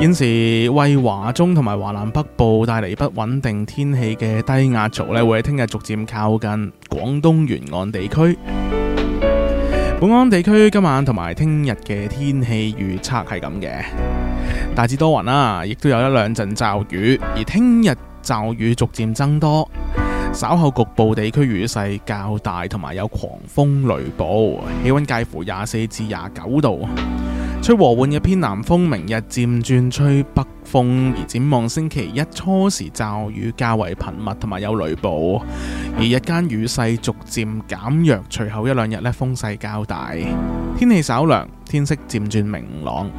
現時，為華中同埋華南北部帶嚟不穩定天氣嘅低壓槽呢，會喺聽日逐漸靠近廣東沿岸地區。本港地區今晚同埋聽日嘅天氣預測係咁嘅，大致多雲啦，啊，亦都有一兩陣驟雨，而聽日驟雨逐漸增多，稍後局部地區雨勢較大，同埋有狂風雷暴，氣溫介乎廿四至廿九度。吹和緩嘅偏南風，明日漸轉吹北風，而展望星期一初時驟雨較為頻密，同埋有雷暴，而日間雨勢逐漸減弱，隨後一兩日呢風勢較大，天氣稍涼，天色漸轉明朗。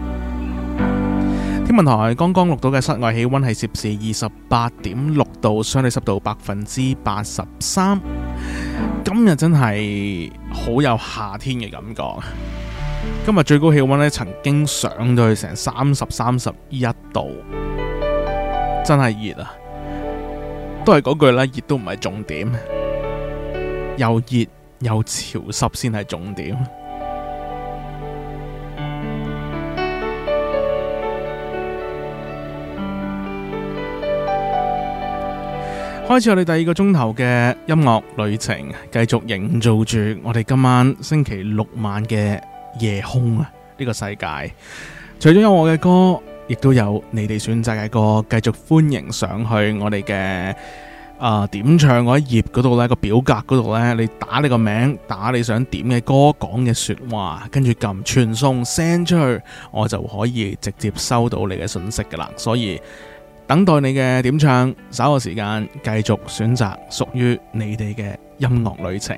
天文台剛剛錄到嘅室外氣溫係攝氏二十八點六度，相對濕度百分之八十三。今日真係好有夏天嘅感覺。今日最高氣溫呢，曾經上咗去成三十三十一度，真係熱啊！都係嗰句啦，熱都唔係重點，又熱又潮濕先係重點。開始我哋第二個鐘頭嘅音樂旅程，繼續營造住我哋今晚星期六晚嘅。夜空啊！呢個世界，除咗有我嘅歌，亦都有你哋選擇嘅歌，繼續歡迎上去我哋嘅，啊點唱嗰一頁嗰度呢個表格嗰度呢，你打你個名，打你想點嘅歌講嘅說話，跟住撳傳送 send 出去，我就可以直接收到你嘅信息噶啦。所以等待你嘅點唱，稍後時間繼續選擇屬於你哋嘅音樂旅程。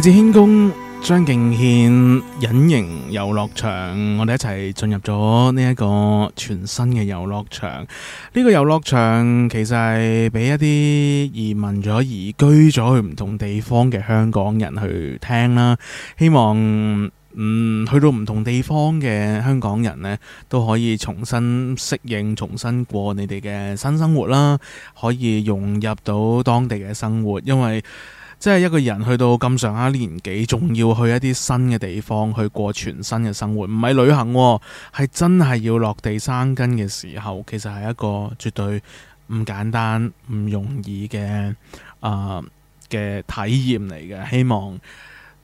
嚟自軒公張敬軒隱形遊樂場，我哋一齊進入咗呢一個全新嘅遊樂場。呢、這個遊樂場其實係俾一啲移民咗、移居咗去唔同地方嘅香港人去聽啦。希望嗯，去到唔同地方嘅香港人呢，都可以重新適應、重新過你哋嘅新生活啦，可以融入到當地嘅生活，因為，即係一個人去到咁上下年紀，仲要去一啲新嘅地方去過全新嘅生活，唔係旅行，哦，係真係要落地生根嘅時候，其實係一個絕對唔簡單、唔容易嘅，啊嘅體驗嚟嘅。希望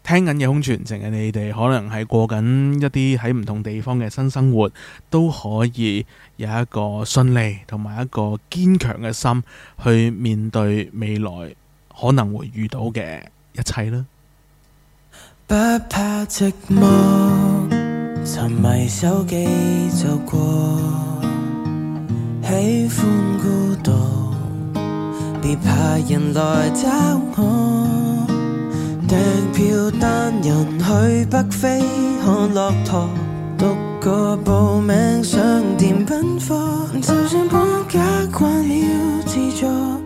聽緊夜空傳情嘅你哋，可能係過緊一啲喺唔同地方嘅新生活，都可以有一個順利同埋一個堅強嘅心去面對未來。可能會遇到嘅一切啦。不怕寂寞，沉迷手機就過喜歡孤獨，別怕人來找我。訂票單人去北非看駱駝，獨個報名，上甜品課，就算搬家慣了自助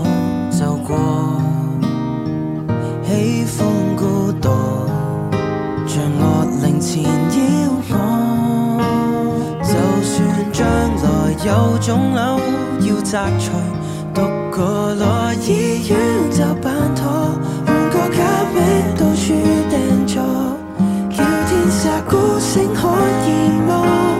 喜歡孤獨，像惡靈纏繞我前妖。就算將來有腫瘤要摘除，獨個來醫院就辦妥，換個假名到處訂座，叫天下孤星可以麼？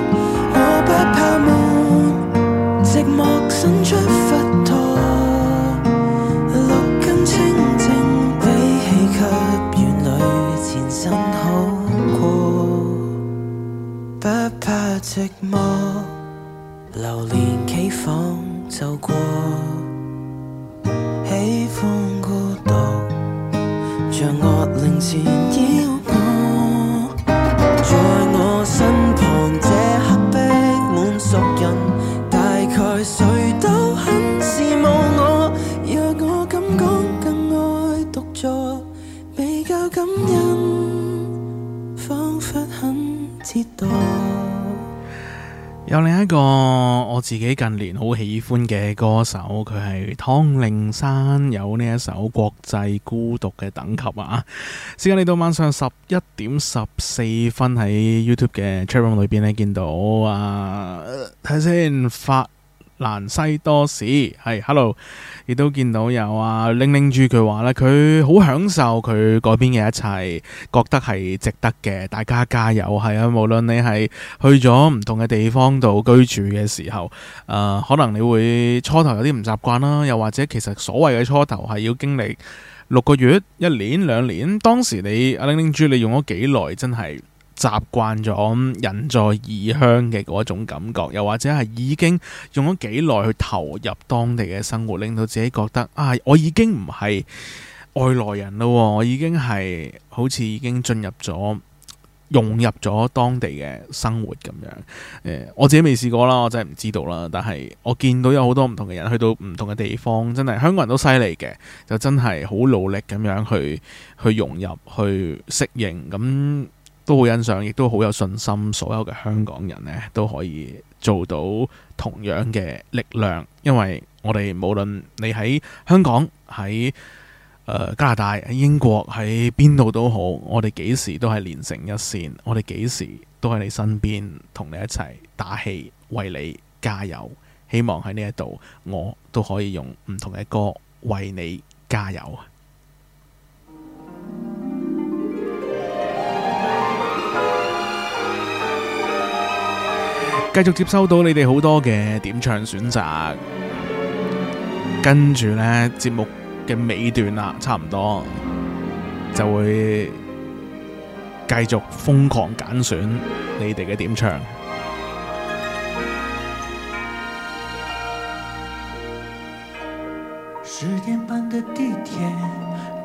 寂寞，流連，起風走過，喜歡孤獨。像惡靈有另一個我自己近年好喜歡嘅歌手，佢係湯令山，有呢一首《國際孤獨嘅等級》啊！時間你到晚上十一點十四分喺 YouTube 嘅 channel 裏邊咧，見到啊，睇、呃、先，發。蘭西多士係，Hello，亦都見到有啊，玲玲豬佢話咧，佢好享受佢嗰邊嘅一切，覺得係值得嘅，大家加油係啊！無論你係去咗唔同嘅地方度居住嘅時候，誒、呃，可能你會初頭有啲唔習慣啦，又或者其實所謂嘅初頭係要經歷六個月、一年、兩年。當時你阿玲玲豬你用咗幾耐，真係。習慣咗人在異鄉嘅嗰一種感覺，又或者係已經用咗幾耐去投入當地嘅生活，令到自己覺得啊，我已經唔係外來人咯，我已經係好似已經進入咗融入咗當地嘅生活咁樣。誒、呃，我自己未試過啦，我真係唔知道啦。但係我見到有好多唔同嘅人去到唔同嘅地方，真係香港人都犀利嘅，就真係好努力咁樣去去融入、去適應咁。都好欣賞，亦都好有信心，所有嘅香港人呢，都可以做到同樣嘅力量，因為我哋無論你喺香港、喺誒、呃、加拿大、喺英國、喺邊度都好，我哋幾時都係連成一線，我哋幾時都喺你身邊，同你一齊打氣，為你加油。希望喺呢一度，我都可以用唔同嘅歌為你加油。繼續接收到你哋好多嘅點唱選擇，跟住呢節目嘅尾段啦、啊，差唔多就會繼續瘋狂揀選你哋嘅點唱。十點半嘅地鐵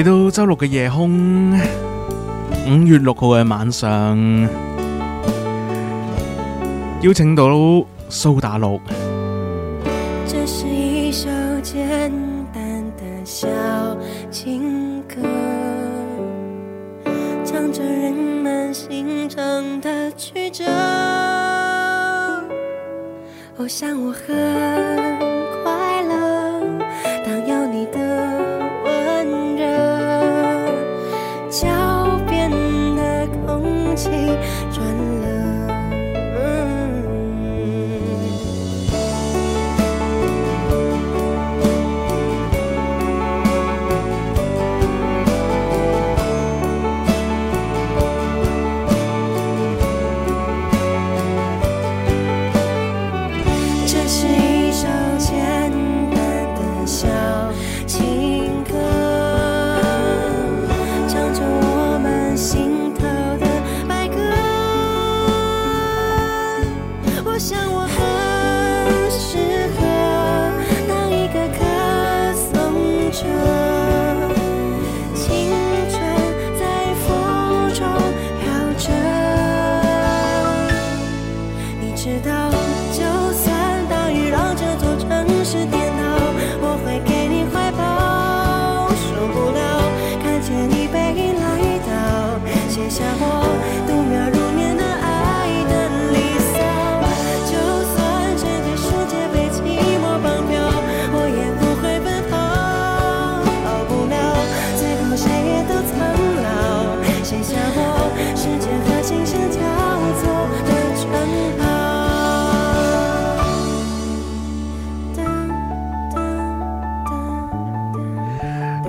嚟到周六嘅夜空，五月六號嘅晚上，邀請到蘇打綠。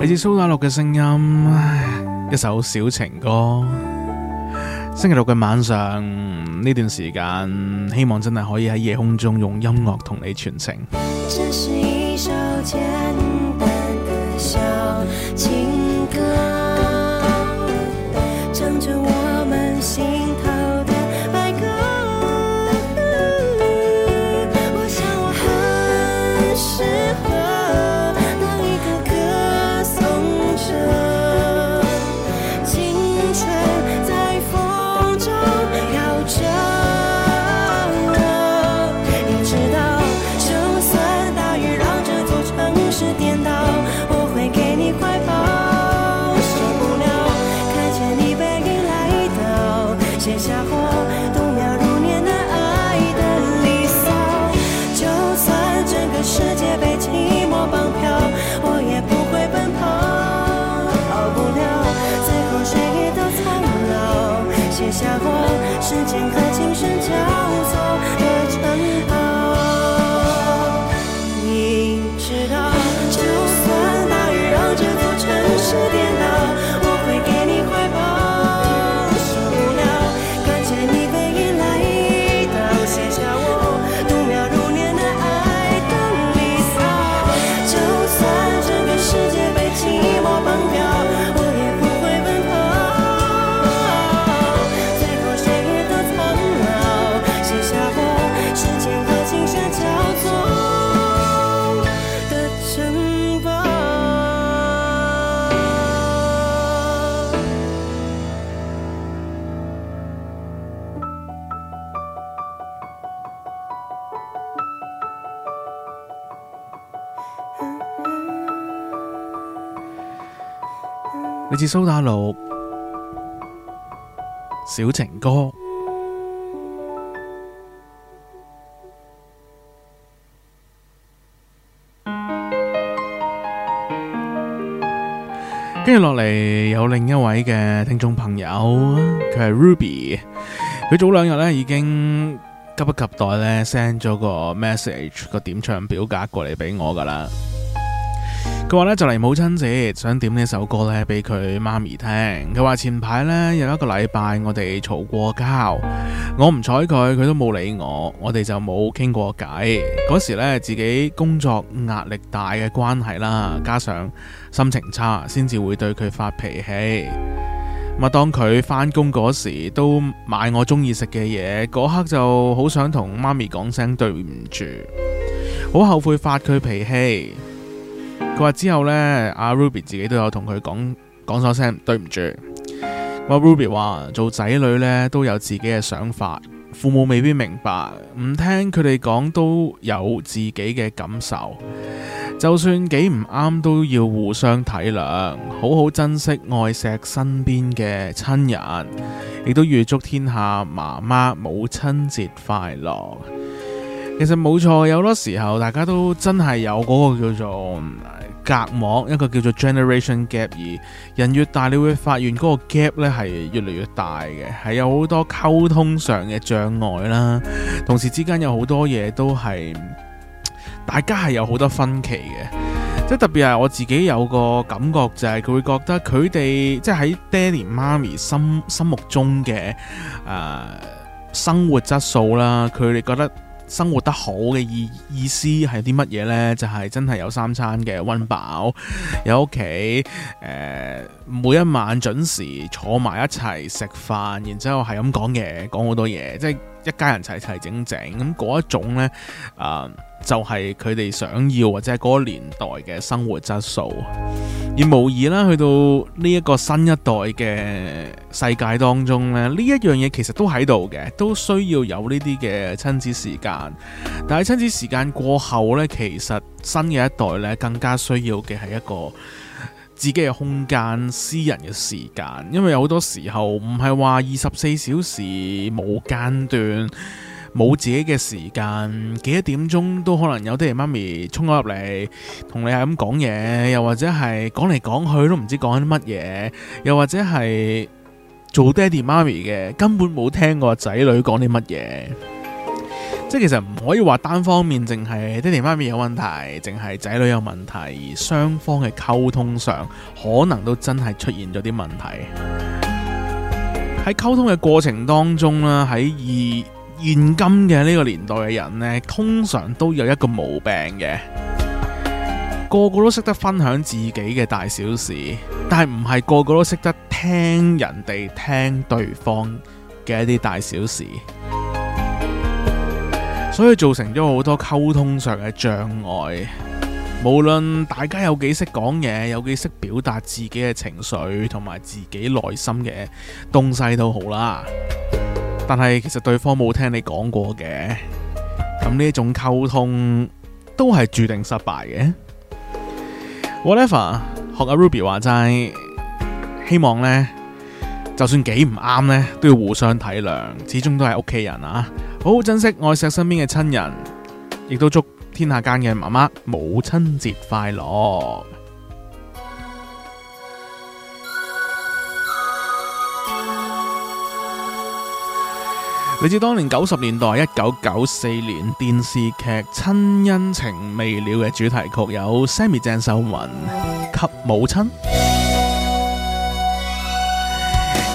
來自蘇打綠嘅聲音，一首小情歌。星期六嘅晚上呢段時間，希望真係可以喺夜空中用音樂同你傳情。蘇打綠《小情歌》，跟住落嚟有另一位嘅聽眾朋友，佢係 Ruby，佢早兩日咧已經急不及待咧 send 咗個 message 個點唱表格過嚟俾我㗎喇。佢話呢就嚟母親節，想點呢首歌咧俾佢媽咪聽。佢話前排呢，有一個禮拜我哋吵過交，我唔睬佢，佢都冇理我，我哋就冇傾過偈。嗰時呢，自己工作壓力大嘅關係啦，加上心情差，先至會對佢發脾氣。咁啊，當佢返工嗰時都買我中意食嘅嘢，嗰刻就好想同媽咪講聲對唔住，好後悔發佢脾氣。佢話之後呢，阿、啊、Ruby 自己都有同佢講講咗聲對唔住。話、啊、Ruby 話做仔女呢都有自己嘅想法，父母未必明白，唔聽佢哋講都有自己嘅感受。就算幾唔啱，都要互相體諒，好好珍惜愛錫身邊嘅親人，亦都預祝天下媽媽母親節快樂。其實冇錯，有好多時候，大家都真係有嗰個叫做隔膜，一個叫做 generation gap。而人越大，你會發現嗰個 gap 咧係越嚟越大嘅，係有好多溝通上嘅障礙啦。同時之間有好多嘢都係大家係有好多分歧嘅，即係特別係我自己有個感覺就係佢會覺得佢哋即係喺爹哋媽咪心心目中嘅誒、呃、生活質素啦，佢哋覺得。生活得好嘅意意思係啲乜嘢呢？就係、是、真係有三餐嘅溫飽，有屋企，誒、呃、每一晚準時坐埋一齊食飯，然之後係咁講嘢，講好多嘢，即、就、係、是、一家人齊齊整整咁嗰、嗯、一種呢。啊、呃！就係佢哋想要或者係嗰個年代嘅生活質素，而無疑啦，去到呢一個新一代嘅世界當中呢，呢一樣嘢其實都喺度嘅，都需要有呢啲嘅親子時間。但係親子時間過後呢，其實新嘅一代呢，更加需要嘅係一個自己嘅空間、私人嘅時間，因為好多時候唔係話二十四小時冇間斷。冇自己嘅時間，幾點鐘都可能有爹哋媽咪衝咗入嚟，同你係咁講嘢，又或者係講嚟講去都唔知講緊乜嘢，又或者係做爹哋媽咪嘅根本冇聽過仔女講啲乜嘢，即係其實唔可以話單方面淨係爹哋媽咪有問題，淨係仔女有問題，而雙方嘅溝通上可能都真係出現咗啲問題。喺溝通嘅過程當中啦，喺二。現今嘅呢個年代嘅人呢，通常都有一個毛病嘅，個個都識得分享自己嘅大小事，但係唔係個個都識得聽人哋、聽對方嘅一啲大小事，所以造成咗好多溝通上嘅障礙。無論大家有幾識講嘢，有幾識表達自己嘅情緒，同埋自己內心嘅東西都好啦。但係其實對方冇聽你講過嘅，咁呢一種溝通都係注定失敗嘅。Whatever，學阿 Ruby 話齋，希望呢，就算幾唔啱呢，都要互相體諒，始終都係屋企人啊，好好珍惜愛錫身邊嘅親人，亦都祝天下間嘅媽媽母親節快樂。你知，當年九十年代一九九四年，電視劇《親恩情未了》嘅主題曲有 Sammi 鄭秀文給母親， *music*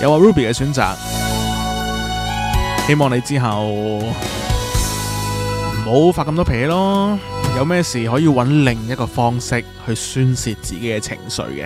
有阿 Ruby 嘅選擇，希望你之後唔好發咁多脾氣咯，有咩事可以揾另一個方式去宣泄自己嘅情緒嘅。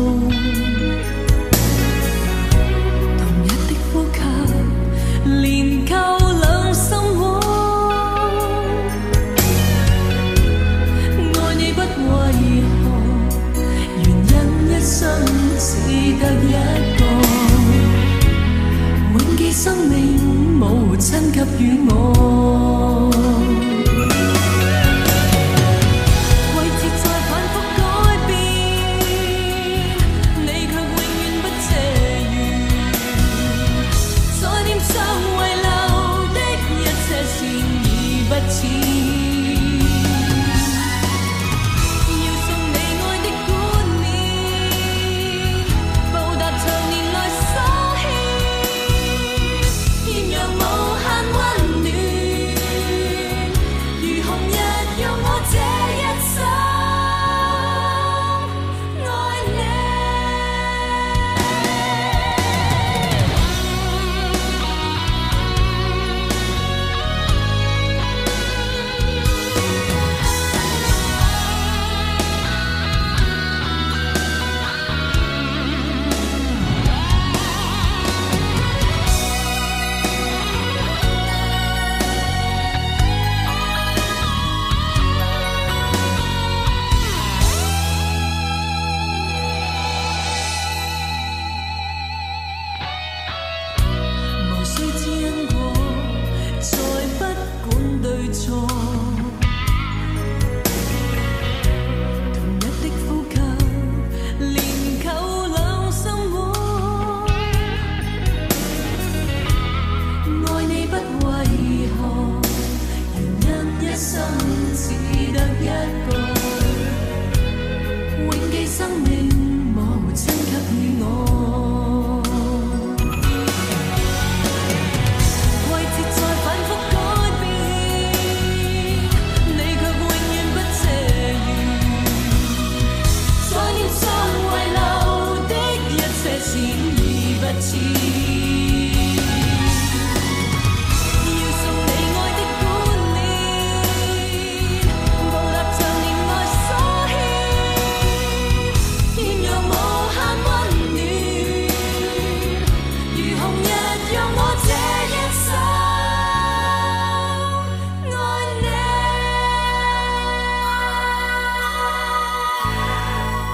得一個，永記生命母親給予我。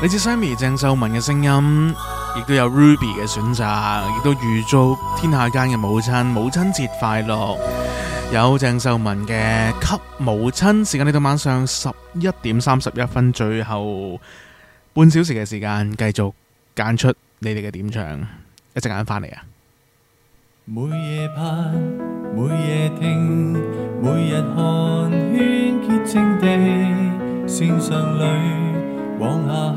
有 Sammy 鄭秀文嘅聲音，亦都有 Ruby 嘅選擇，亦都預祝天下間嘅母親母親節快樂。有鄭秀文嘅《給母親》，時間呢到晚上十一點三十一分，最後半小時嘅時間，繼續揀出你哋嘅點唱，一陣間翻嚟啊！每夜盼，每夜聽，每日看，圈潔淨地線上里往下。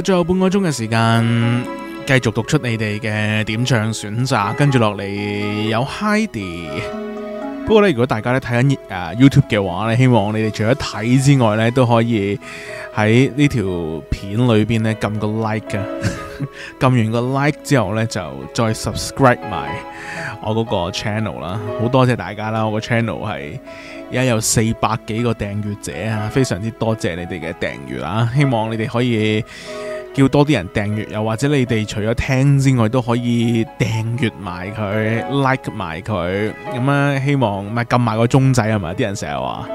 最後半個鐘嘅時間，繼續讀出你哋嘅點唱選擇，跟住落嚟有 Heidi。不過咧，如果大家咧睇緊 YouTube 嘅話咧，希望你哋除咗睇之外咧，都可以喺呢條片裏邊咧撳個 Like 嘅、啊。撳 *laughs* 完個 Like 之後咧，就再 Subscribe 埋我嗰個 channel 啦。好多謝大家啦，我 ch 個 channel 係而家有四百幾個訂閱者啊，非常之多謝你哋嘅訂閱啊。希望你哋可以。要多啲人訂閱，又或者你哋除咗聽之外，都可以訂閱埋佢、like 埋佢，咁啊希望咪撳埋個鐘仔係咪？啲人成日話。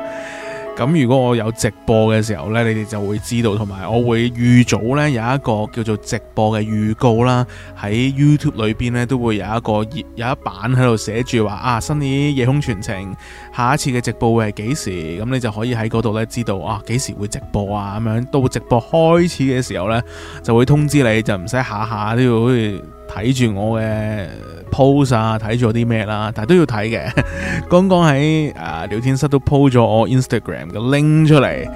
咁如果我有直播嘅時候呢，你哋就會知道，同埋我會預早呢有一個叫做直播嘅預告啦，喺 YouTube 裏邊呢都會有一個有一版喺度寫住話啊，Sunny 夜空傳情下一次嘅直播會係幾時？咁你就可以喺嗰度呢知道啊幾時會直播啊咁樣。到直播開始嘅時候呢，就會通知你，就唔使下下都要。睇住我嘅 post 啊，睇住我啲咩啦，但係都要睇嘅。剛剛喺誒聊天室都 post 咗我 Instagram 嘅 link 出嚟，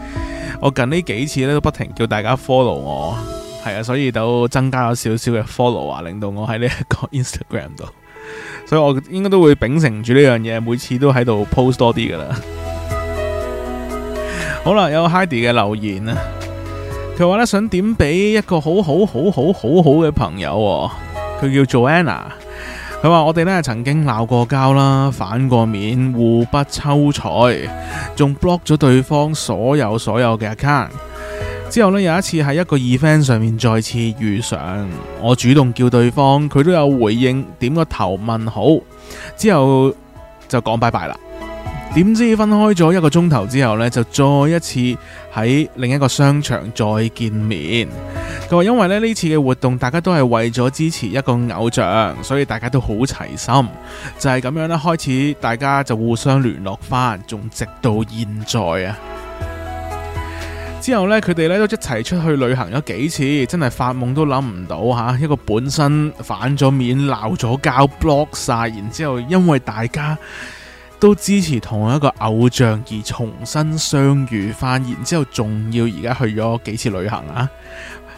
我近呢幾次咧都不停叫大家 follow 我，係啊，所以都增加咗少少嘅 follow 啊，令到我喺呢一個 Instagram 度，所以我應該都會秉承住呢樣嘢，每次都喺度 post 多啲噶啦。好啦，有 Hidy 嘅留言啊，佢話咧想點俾一個好好好好好好嘅朋友喎。佢叫做 Anna，佢話我哋呢曾經鬧過交啦，反過面互不抽彩，仲 block 咗對方所有所有嘅 account。之後呢，有一次喺一個 event 上面再次遇上，我主動叫對方，佢都有回應，點個頭問好，之後就講拜拜啦。點知分開咗一個鐘頭之後呢，就再一次喺另一個商場再見面。佢話因為咧呢次嘅活動，大家都係為咗支持一個偶像，所以大家都好齊心，就係咁樣呢開始，大家就互相聯絡翻，仲直到現在啊！之後呢，佢哋呢都一齊出去旅行咗幾次，真係發夢都諗唔到吓，一個本身反咗面鬧咗交 block 晒，然之後因為大家。都支持同一個偶像而重新相遇翻，然之後仲要而家去咗幾次旅行啊！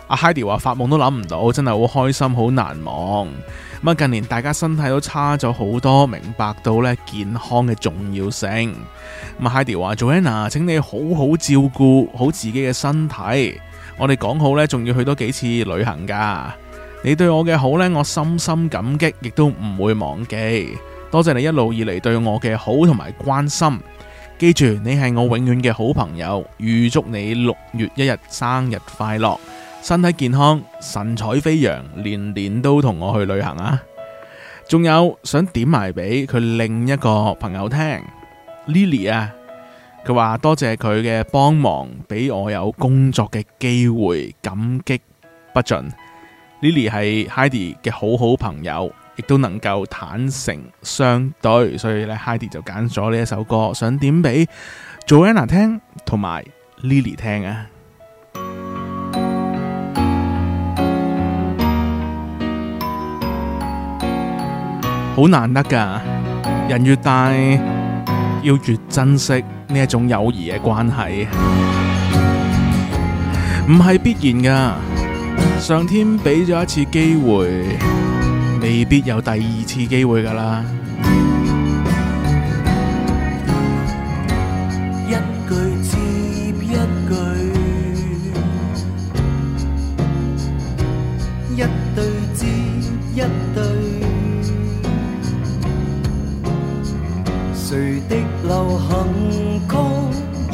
阿、啊、Heidi 話發夢都諗唔到，真係好開心，好難忘。咁、啊、近年大家身體都差咗好多，明白到呢健康嘅重要性。咁、啊、Heidi 話 Joanna，請你好好照顧好自己嘅身體。我哋講好呢，仲要去多幾次旅行噶。你對我嘅好呢，我深深感激，亦都唔會忘記。多謝你一路以嚟對我嘅好同埋關心，記住你係我永遠嘅好朋友。預祝你六月一日生日快樂，身體健康，神采飛揚，年年都同我去旅行啊！仲有想點埋俾佢另一個朋友聽，Lily 啊，佢話多謝佢嘅幫忙，俾我有工作嘅機會，感激不盡。Lily 係 Hedy 嘅好好朋友。亦都能夠坦誠相對，所以咧 Hedy 就揀咗呢一首歌，想點俾 Joanna 聽同埋 Lily 聽啊！好 *music* 難得噶，人越大要越珍惜呢一種友誼嘅關係，唔係必然噶，上天俾咗一次機會。未必有第二次機會㗎啦！一句接一句，一對接一對，誰的流行曲？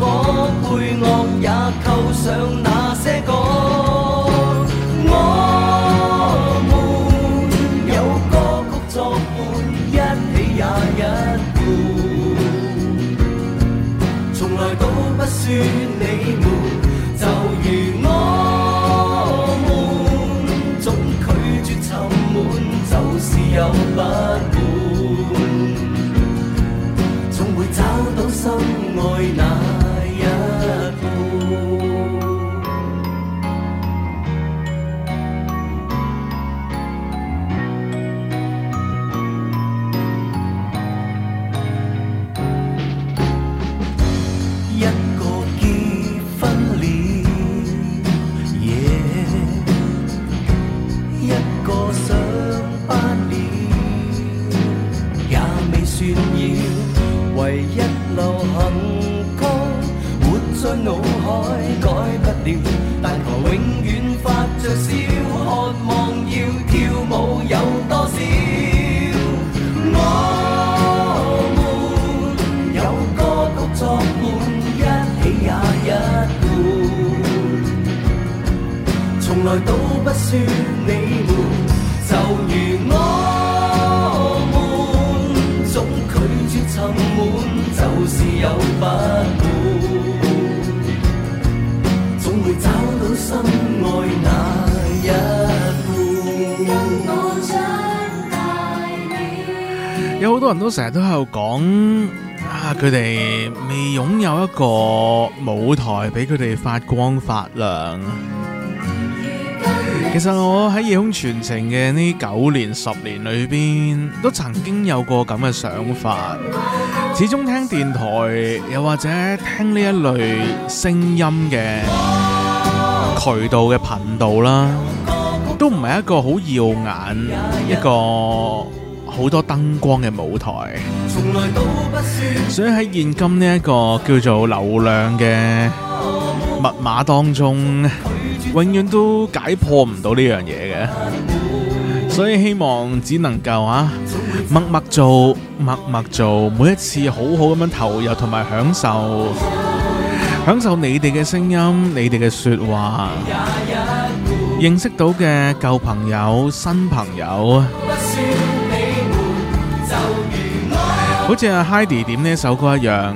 我背樂也扣上那些歌， *music* 我們有歌曲作伴，一起也一半，從來都不說。你們就如我們，總拒絕沉悶，就是有不滿，總會找到心愛那一半。有好多人都成日都喺度講啊，佢哋未擁有一個舞台俾佢哋發光發亮。其實我喺夜空傳情嘅呢九年十年裏邊，都曾經有過咁嘅想法。始終聽電台，又或者聽呢一類聲音嘅渠道嘅頻道啦，都唔係一個好耀眼、一個好多燈光嘅舞台。所以喺現今呢一個叫做流量嘅。密碼當中永遠都解破唔到呢樣嘢嘅，所以希望只能夠啊默默做，默默做，每一次好好咁樣投入同埋享受，享受你哋嘅聲音，你哋嘅説話，認識到嘅舊朋友、新朋友，好似阿、啊、Heidi 點呢首歌一樣。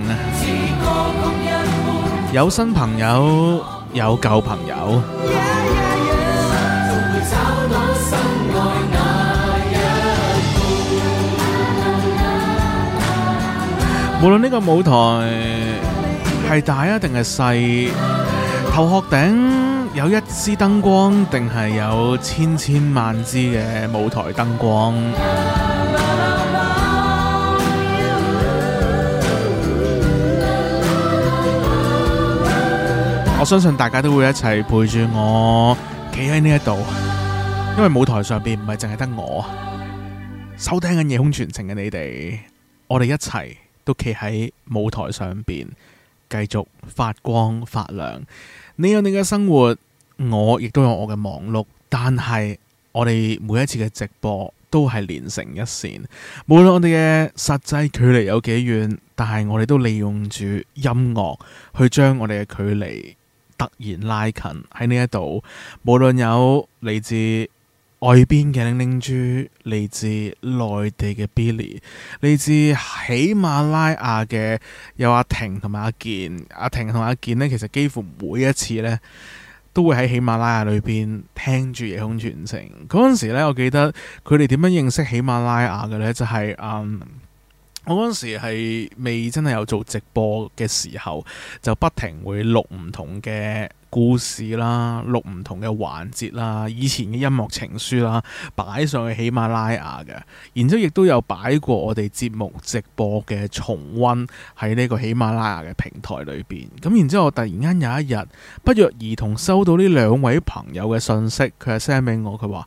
有新朋友，有舊朋友。Yeah, yeah, yeah, 無論呢個舞台係大啊定係細，頭殼頂有一支燈光，定係有千千萬支嘅舞台燈光。我相信大家都會一齊陪住我，企喺呢一度，因為舞台上邊唔係淨係得我，收聽緊夜空全程夜空傳情嘅你哋，我哋一齊都企喺舞台上邊，繼續發光發亮。你有你嘅生活，我亦都有我嘅忙碌，但係我哋每一次嘅直播都係連成一線。無論我哋嘅實際距離有幾遠，但係我哋都利用住音樂去將我哋嘅距離。突然拉近喺呢一度，無論有嚟自外邊嘅鈴鈴珠，嚟自內地嘅 Billy，嚟自喜馬拉雅嘅有阿婷同埋阿健。阿婷同阿健呢，其實幾乎每一次呢，都會喺喜馬拉雅裏邊聽住夜空傳情嗰陣時呢，我記得佢哋點樣認識喜馬拉雅嘅呢？就係、是、嗯。我嗰陣時係未真係有做直播嘅時候，就不停會錄唔同嘅。故事啦，錄唔同嘅環節啦，以前嘅音樂情書啦，擺上去喜馬拉雅嘅，然之後亦都有擺過我哋節目直播嘅重温喺呢個喜馬拉雅嘅平台裏邊。咁然之後，我突然間有一日不約而同收到呢兩位朋友嘅信息，佢係 send 俾我，佢話：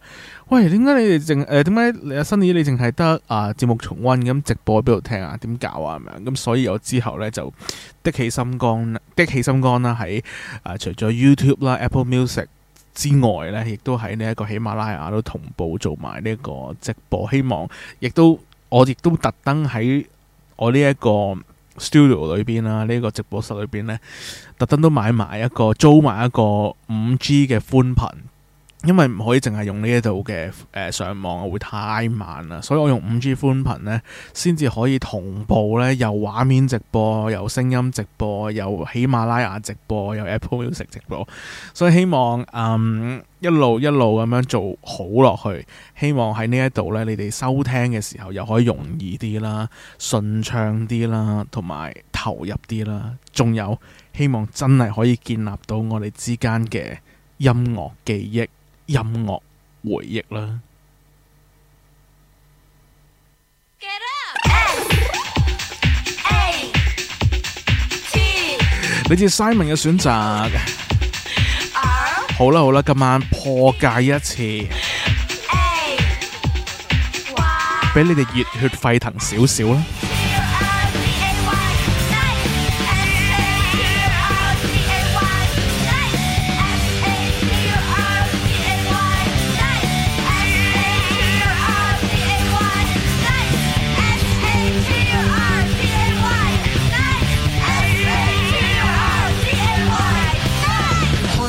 喂，點解你哋淨誒點解阿 Sunny 你淨係、啊、得啊、呃、節目重温咁直播喺邊度聽啊？點搞啊？咁樣咁，所以我之後呢就。的起心肝，的起心肝啦！喺、呃、啊，除咗 YouTube 啦、Apple Music 之外咧，亦都喺呢一個喜馬拉雅都同步做埋呢一個直播。希望亦都我亦都特登喺我呢一個 studio 裏邊啦，呢、這、一個直播室裏邊咧，特登都買埋一個租埋一個五 G 嘅寬頻。因為唔可以淨係用呢一度嘅，誒上網會太慢啦，所以我用五 G 寬頻咧，先至可以同步咧，有畫面直播，有聲音直播，有喜馬拉雅直播，有 Apple Music 直播，所以希望嗯一路一路咁樣做好落去，希望喺呢一度咧，你哋收聽嘅時候又可以容易啲啦，順暢啲啦，同埋投入啲啦，仲有希望真係可以建立到我哋之間嘅音樂記憶。音樂回憶啦，你哋 Simon 嘅選擇 R，好啦好啦，今晚破戒一次，俾你哋熱血沸騰少少啦。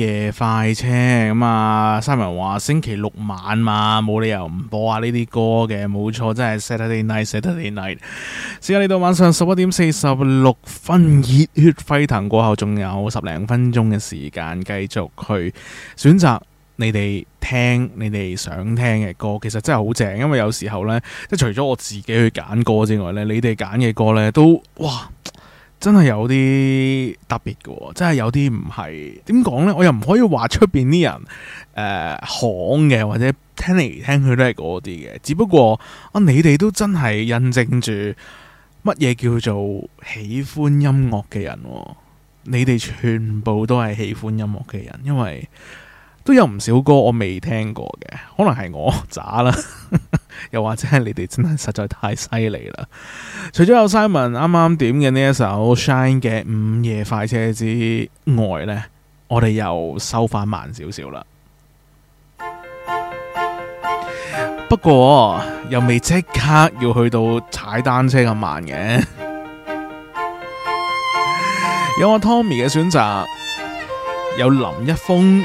夜快車咁啊！Simon 話星期六晚嘛，冇理由唔播啊呢啲歌嘅，冇錯，真係 Saturday night，Saturday night。而家嚟到晚上十一點四十六分，熱血沸騰過後，仲有十零分鐘嘅時間，繼續去選擇你哋聽你哋想聽嘅歌。其實真係好正，因為有時候呢，即係除咗我自己去揀歌之外呢，你哋揀嘅歌呢都哇～真係有啲特別嘅喎，真係有啲唔係點講呢？我又唔可以話出邊啲人誒、呃、行嘅，或者聽嚟聽去都係嗰啲嘅。只不過啊，你哋都真係印證住乜嘢叫做喜歡音樂嘅人喎，你哋全部都係喜歡音樂嘅人，因為。都有唔少歌我未聽過嘅，可能係我渣啦， *laughs* 又或者係你哋真係實在太犀利啦。除咗有 Simon 啱啱點嘅呢一首 Shine 嘅《午夜快車》之外呢，我哋又收翻慢少少啦。不過又未即刻要去到踩單車咁慢嘅。 *laughs* 有我 Tommy 嘅選擇，有林一峰。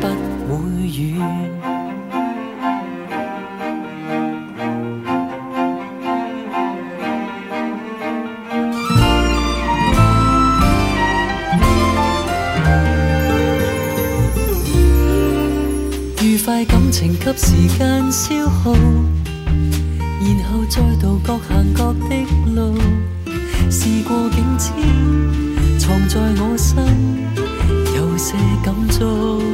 不會遠。愉快感情給時間消耗，然後再度各行各的路。事過境遷，藏在我心，有些感觸。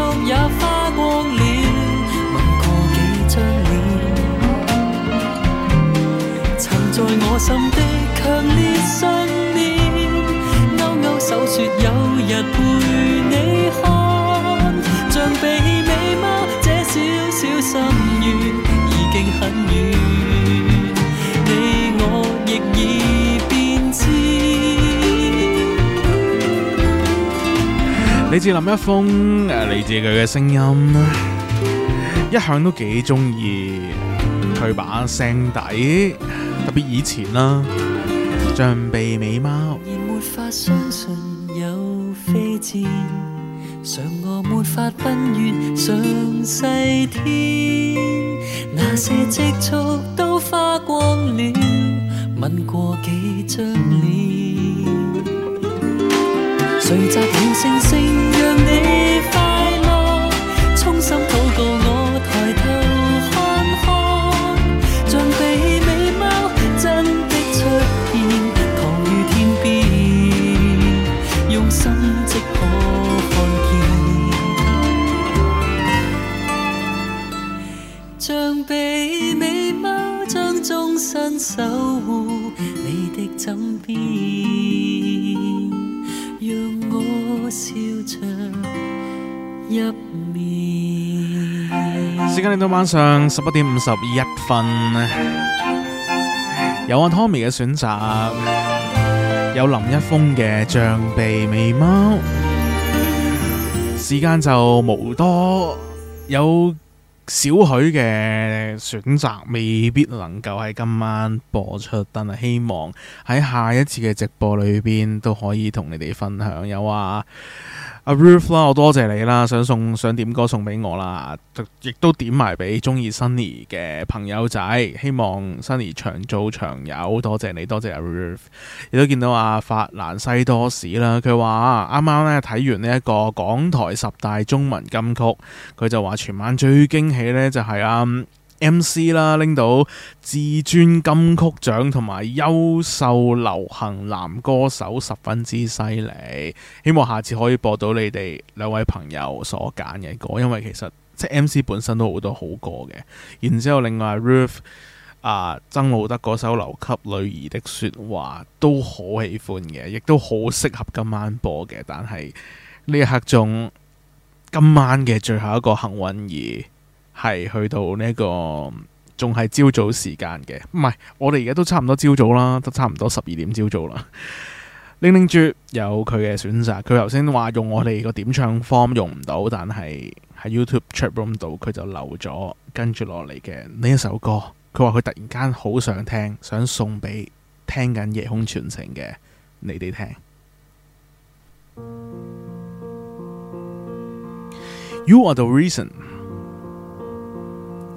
也花光了，問過幾張臉，曾在我心的強烈信念，勾勾手説有日陪你看，像被美貓這小小心願。」嚟自林一峰，誒，嚟自佢嘅聲音，一向都幾中意佢把聲底，特別以前啦，像鼻尾貓。時間嚟到晚上十一點五十一分，有阿、啊、Tommy 嘅選擇，有林一峰嘅象鼻眉毛。時間就無多，有少許嘅選擇未必能夠喺今晚播出，但係希望喺下一次嘅直播裏邊都可以同你哋分享。有啊。阿 Roof 啦，我多謝你啦，想送想點歌送俾我啦，亦都點埋俾中意 Sunny 嘅朋友仔，希望 Sunny 長做長有，多謝你，多謝阿 Roof。亦都見到阿、啊、法蘭西多士啦，佢話啱啱咧睇完呢一個港台十大中文金曲，佢就話全晚最驚喜咧就係、是、阿、啊。M.C. 啦，拎到至尊金曲獎同埋優秀流行男歌手，十分之犀利。希望下次可以播到你哋兩位朋友所揀嘅歌，因為其實即係 M.C. 本身都好多好歌嘅。然之後另外 Ruth 啊，曾路德嗰首留給女兒的說話都好喜歡嘅，亦都好適合今晚播嘅。但係呢一刻仲今晚嘅最後一個幸運兒。係去到呢個仲係朝早時間嘅，唔係我哋而家都差唔多朝早啦，都差唔多十二點朝早啦。零零豬有佢嘅選擇，佢頭先話用我哋個點唱 form 用唔到，但係喺 YouTube chat room 度佢就留咗跟住落嚟嘅呢一首歌，佢話佢突然間好想聽，想送俾聽緊夜空傳情嘅你哋聽。You are the reason.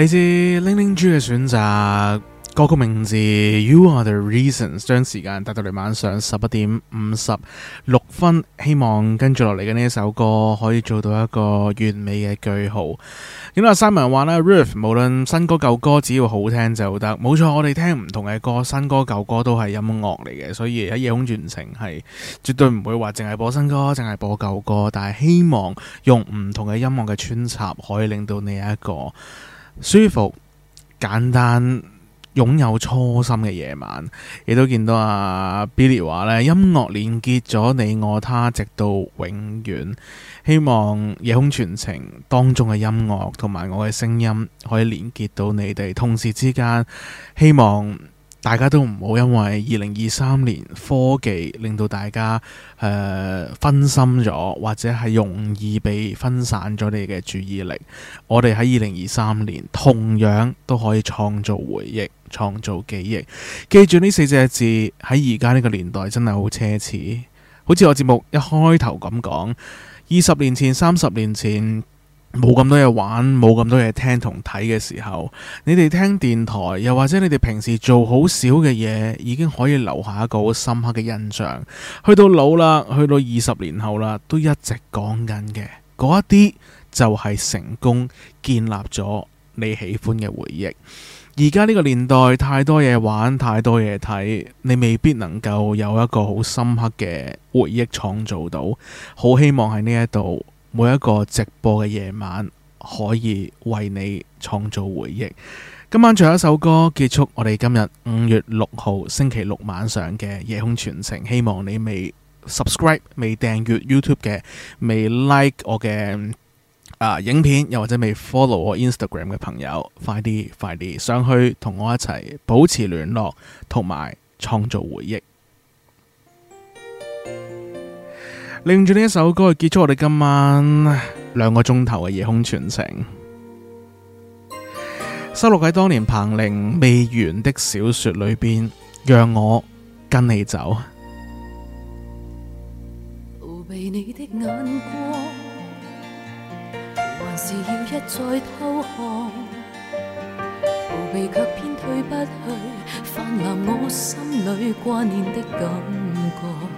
你，Ling 嚟自玲玲豬嘅選擇歌曲名字《You Are The Reasons》，將時間帶到嚟晚上十一點五十六分。希望跟住落嚟嘅呢一首歌可以做到一個完美嘅句號。點解 Simon 話 Ruth 無論新歌舊歌，只要好聽就得。冇錯，我哋聽唔同嘅歌，新歌舊歌都係音樂嚟嘅，所以喺夜空傳情係絕對唔會話淨係播新歌，淨係播舊歌。但係希望用唔同嘅音樂嘅穿插，可以令到你一個。舒服、簡單、擁有初心嘅夜晚，亦都見到阿、啊、Billy 話呢，音樂連結咗你我他，直到永遠。希望夜空傳情當中嘅音樂同埋我嘅聲音，可以連結到你哋，同時之間希望。大家都唔好因為二零二三年科技令到大家誒、呃、分心咗，或者係容易被分散咗你嘅注意力。我哋喺二零二三年同樣都可以創造回憶、創造記憶。記住呢四隻字喺而家呢個年代真係好奢侈。好似我節目一開頭咁講，二十年前、三十年前。冇咁多嘢玩，冇咁多嘢聽同睇嘅時候，你哋聽電台，又或者你哋平時做好少嘅嘢，已經可以留下一個好深刻嘅印象。去到老啦，去到二十年後啦，都一直講緊嘅嗰一啲，就係成功建立咗你喜歡嘅回憶。而家呢個年代，太多嘢玩，太多嘢睇，你未必能夠有一個好深刻嘅回憶創造到。好希望喺呢一度。每一個直播嘅夜晚，可以為你創造回憶。今晚仲有一首歌結束我，我哋今日五月六號星期六晚上嘅夜空傳情。希望你未 subscribe、未訂閱 YouTube 嘅、未 like 我嘅啊影片，又或者未 follow 我 Instagram 嘅朋友，快啲快啲，上去同我一齊保持聯絡，同埋創造回憶。令住呢一首歌結束我哋今晚兩個鐘頭嘅夜空全程，收錄喺當年彭羚未完的小說裏面，讓我跟你走。逃避你的眼光，還是要一再偷看？逃避卻偏退不去，泛濫我心裏掛念的感覺。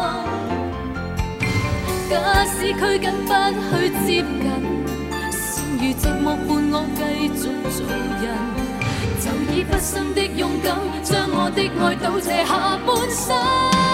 假使拘謹不去接近，剩餘寂寞伴我繼續做人，就以不傷的勇敢，將我的愛倒瀉下半生。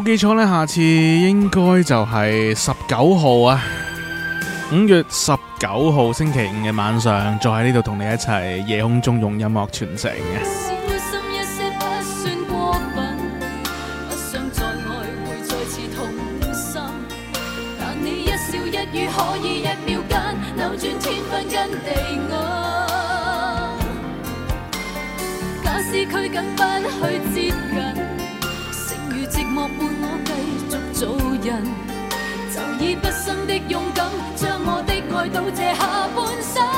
冇記錯呢，下次應該就係十九號啊，五月十九號星期五嘅晚上，再喺呢度同你一齊夜空中用音樂傳情啊！到這下半生。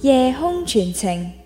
夜空傳情。Yeah,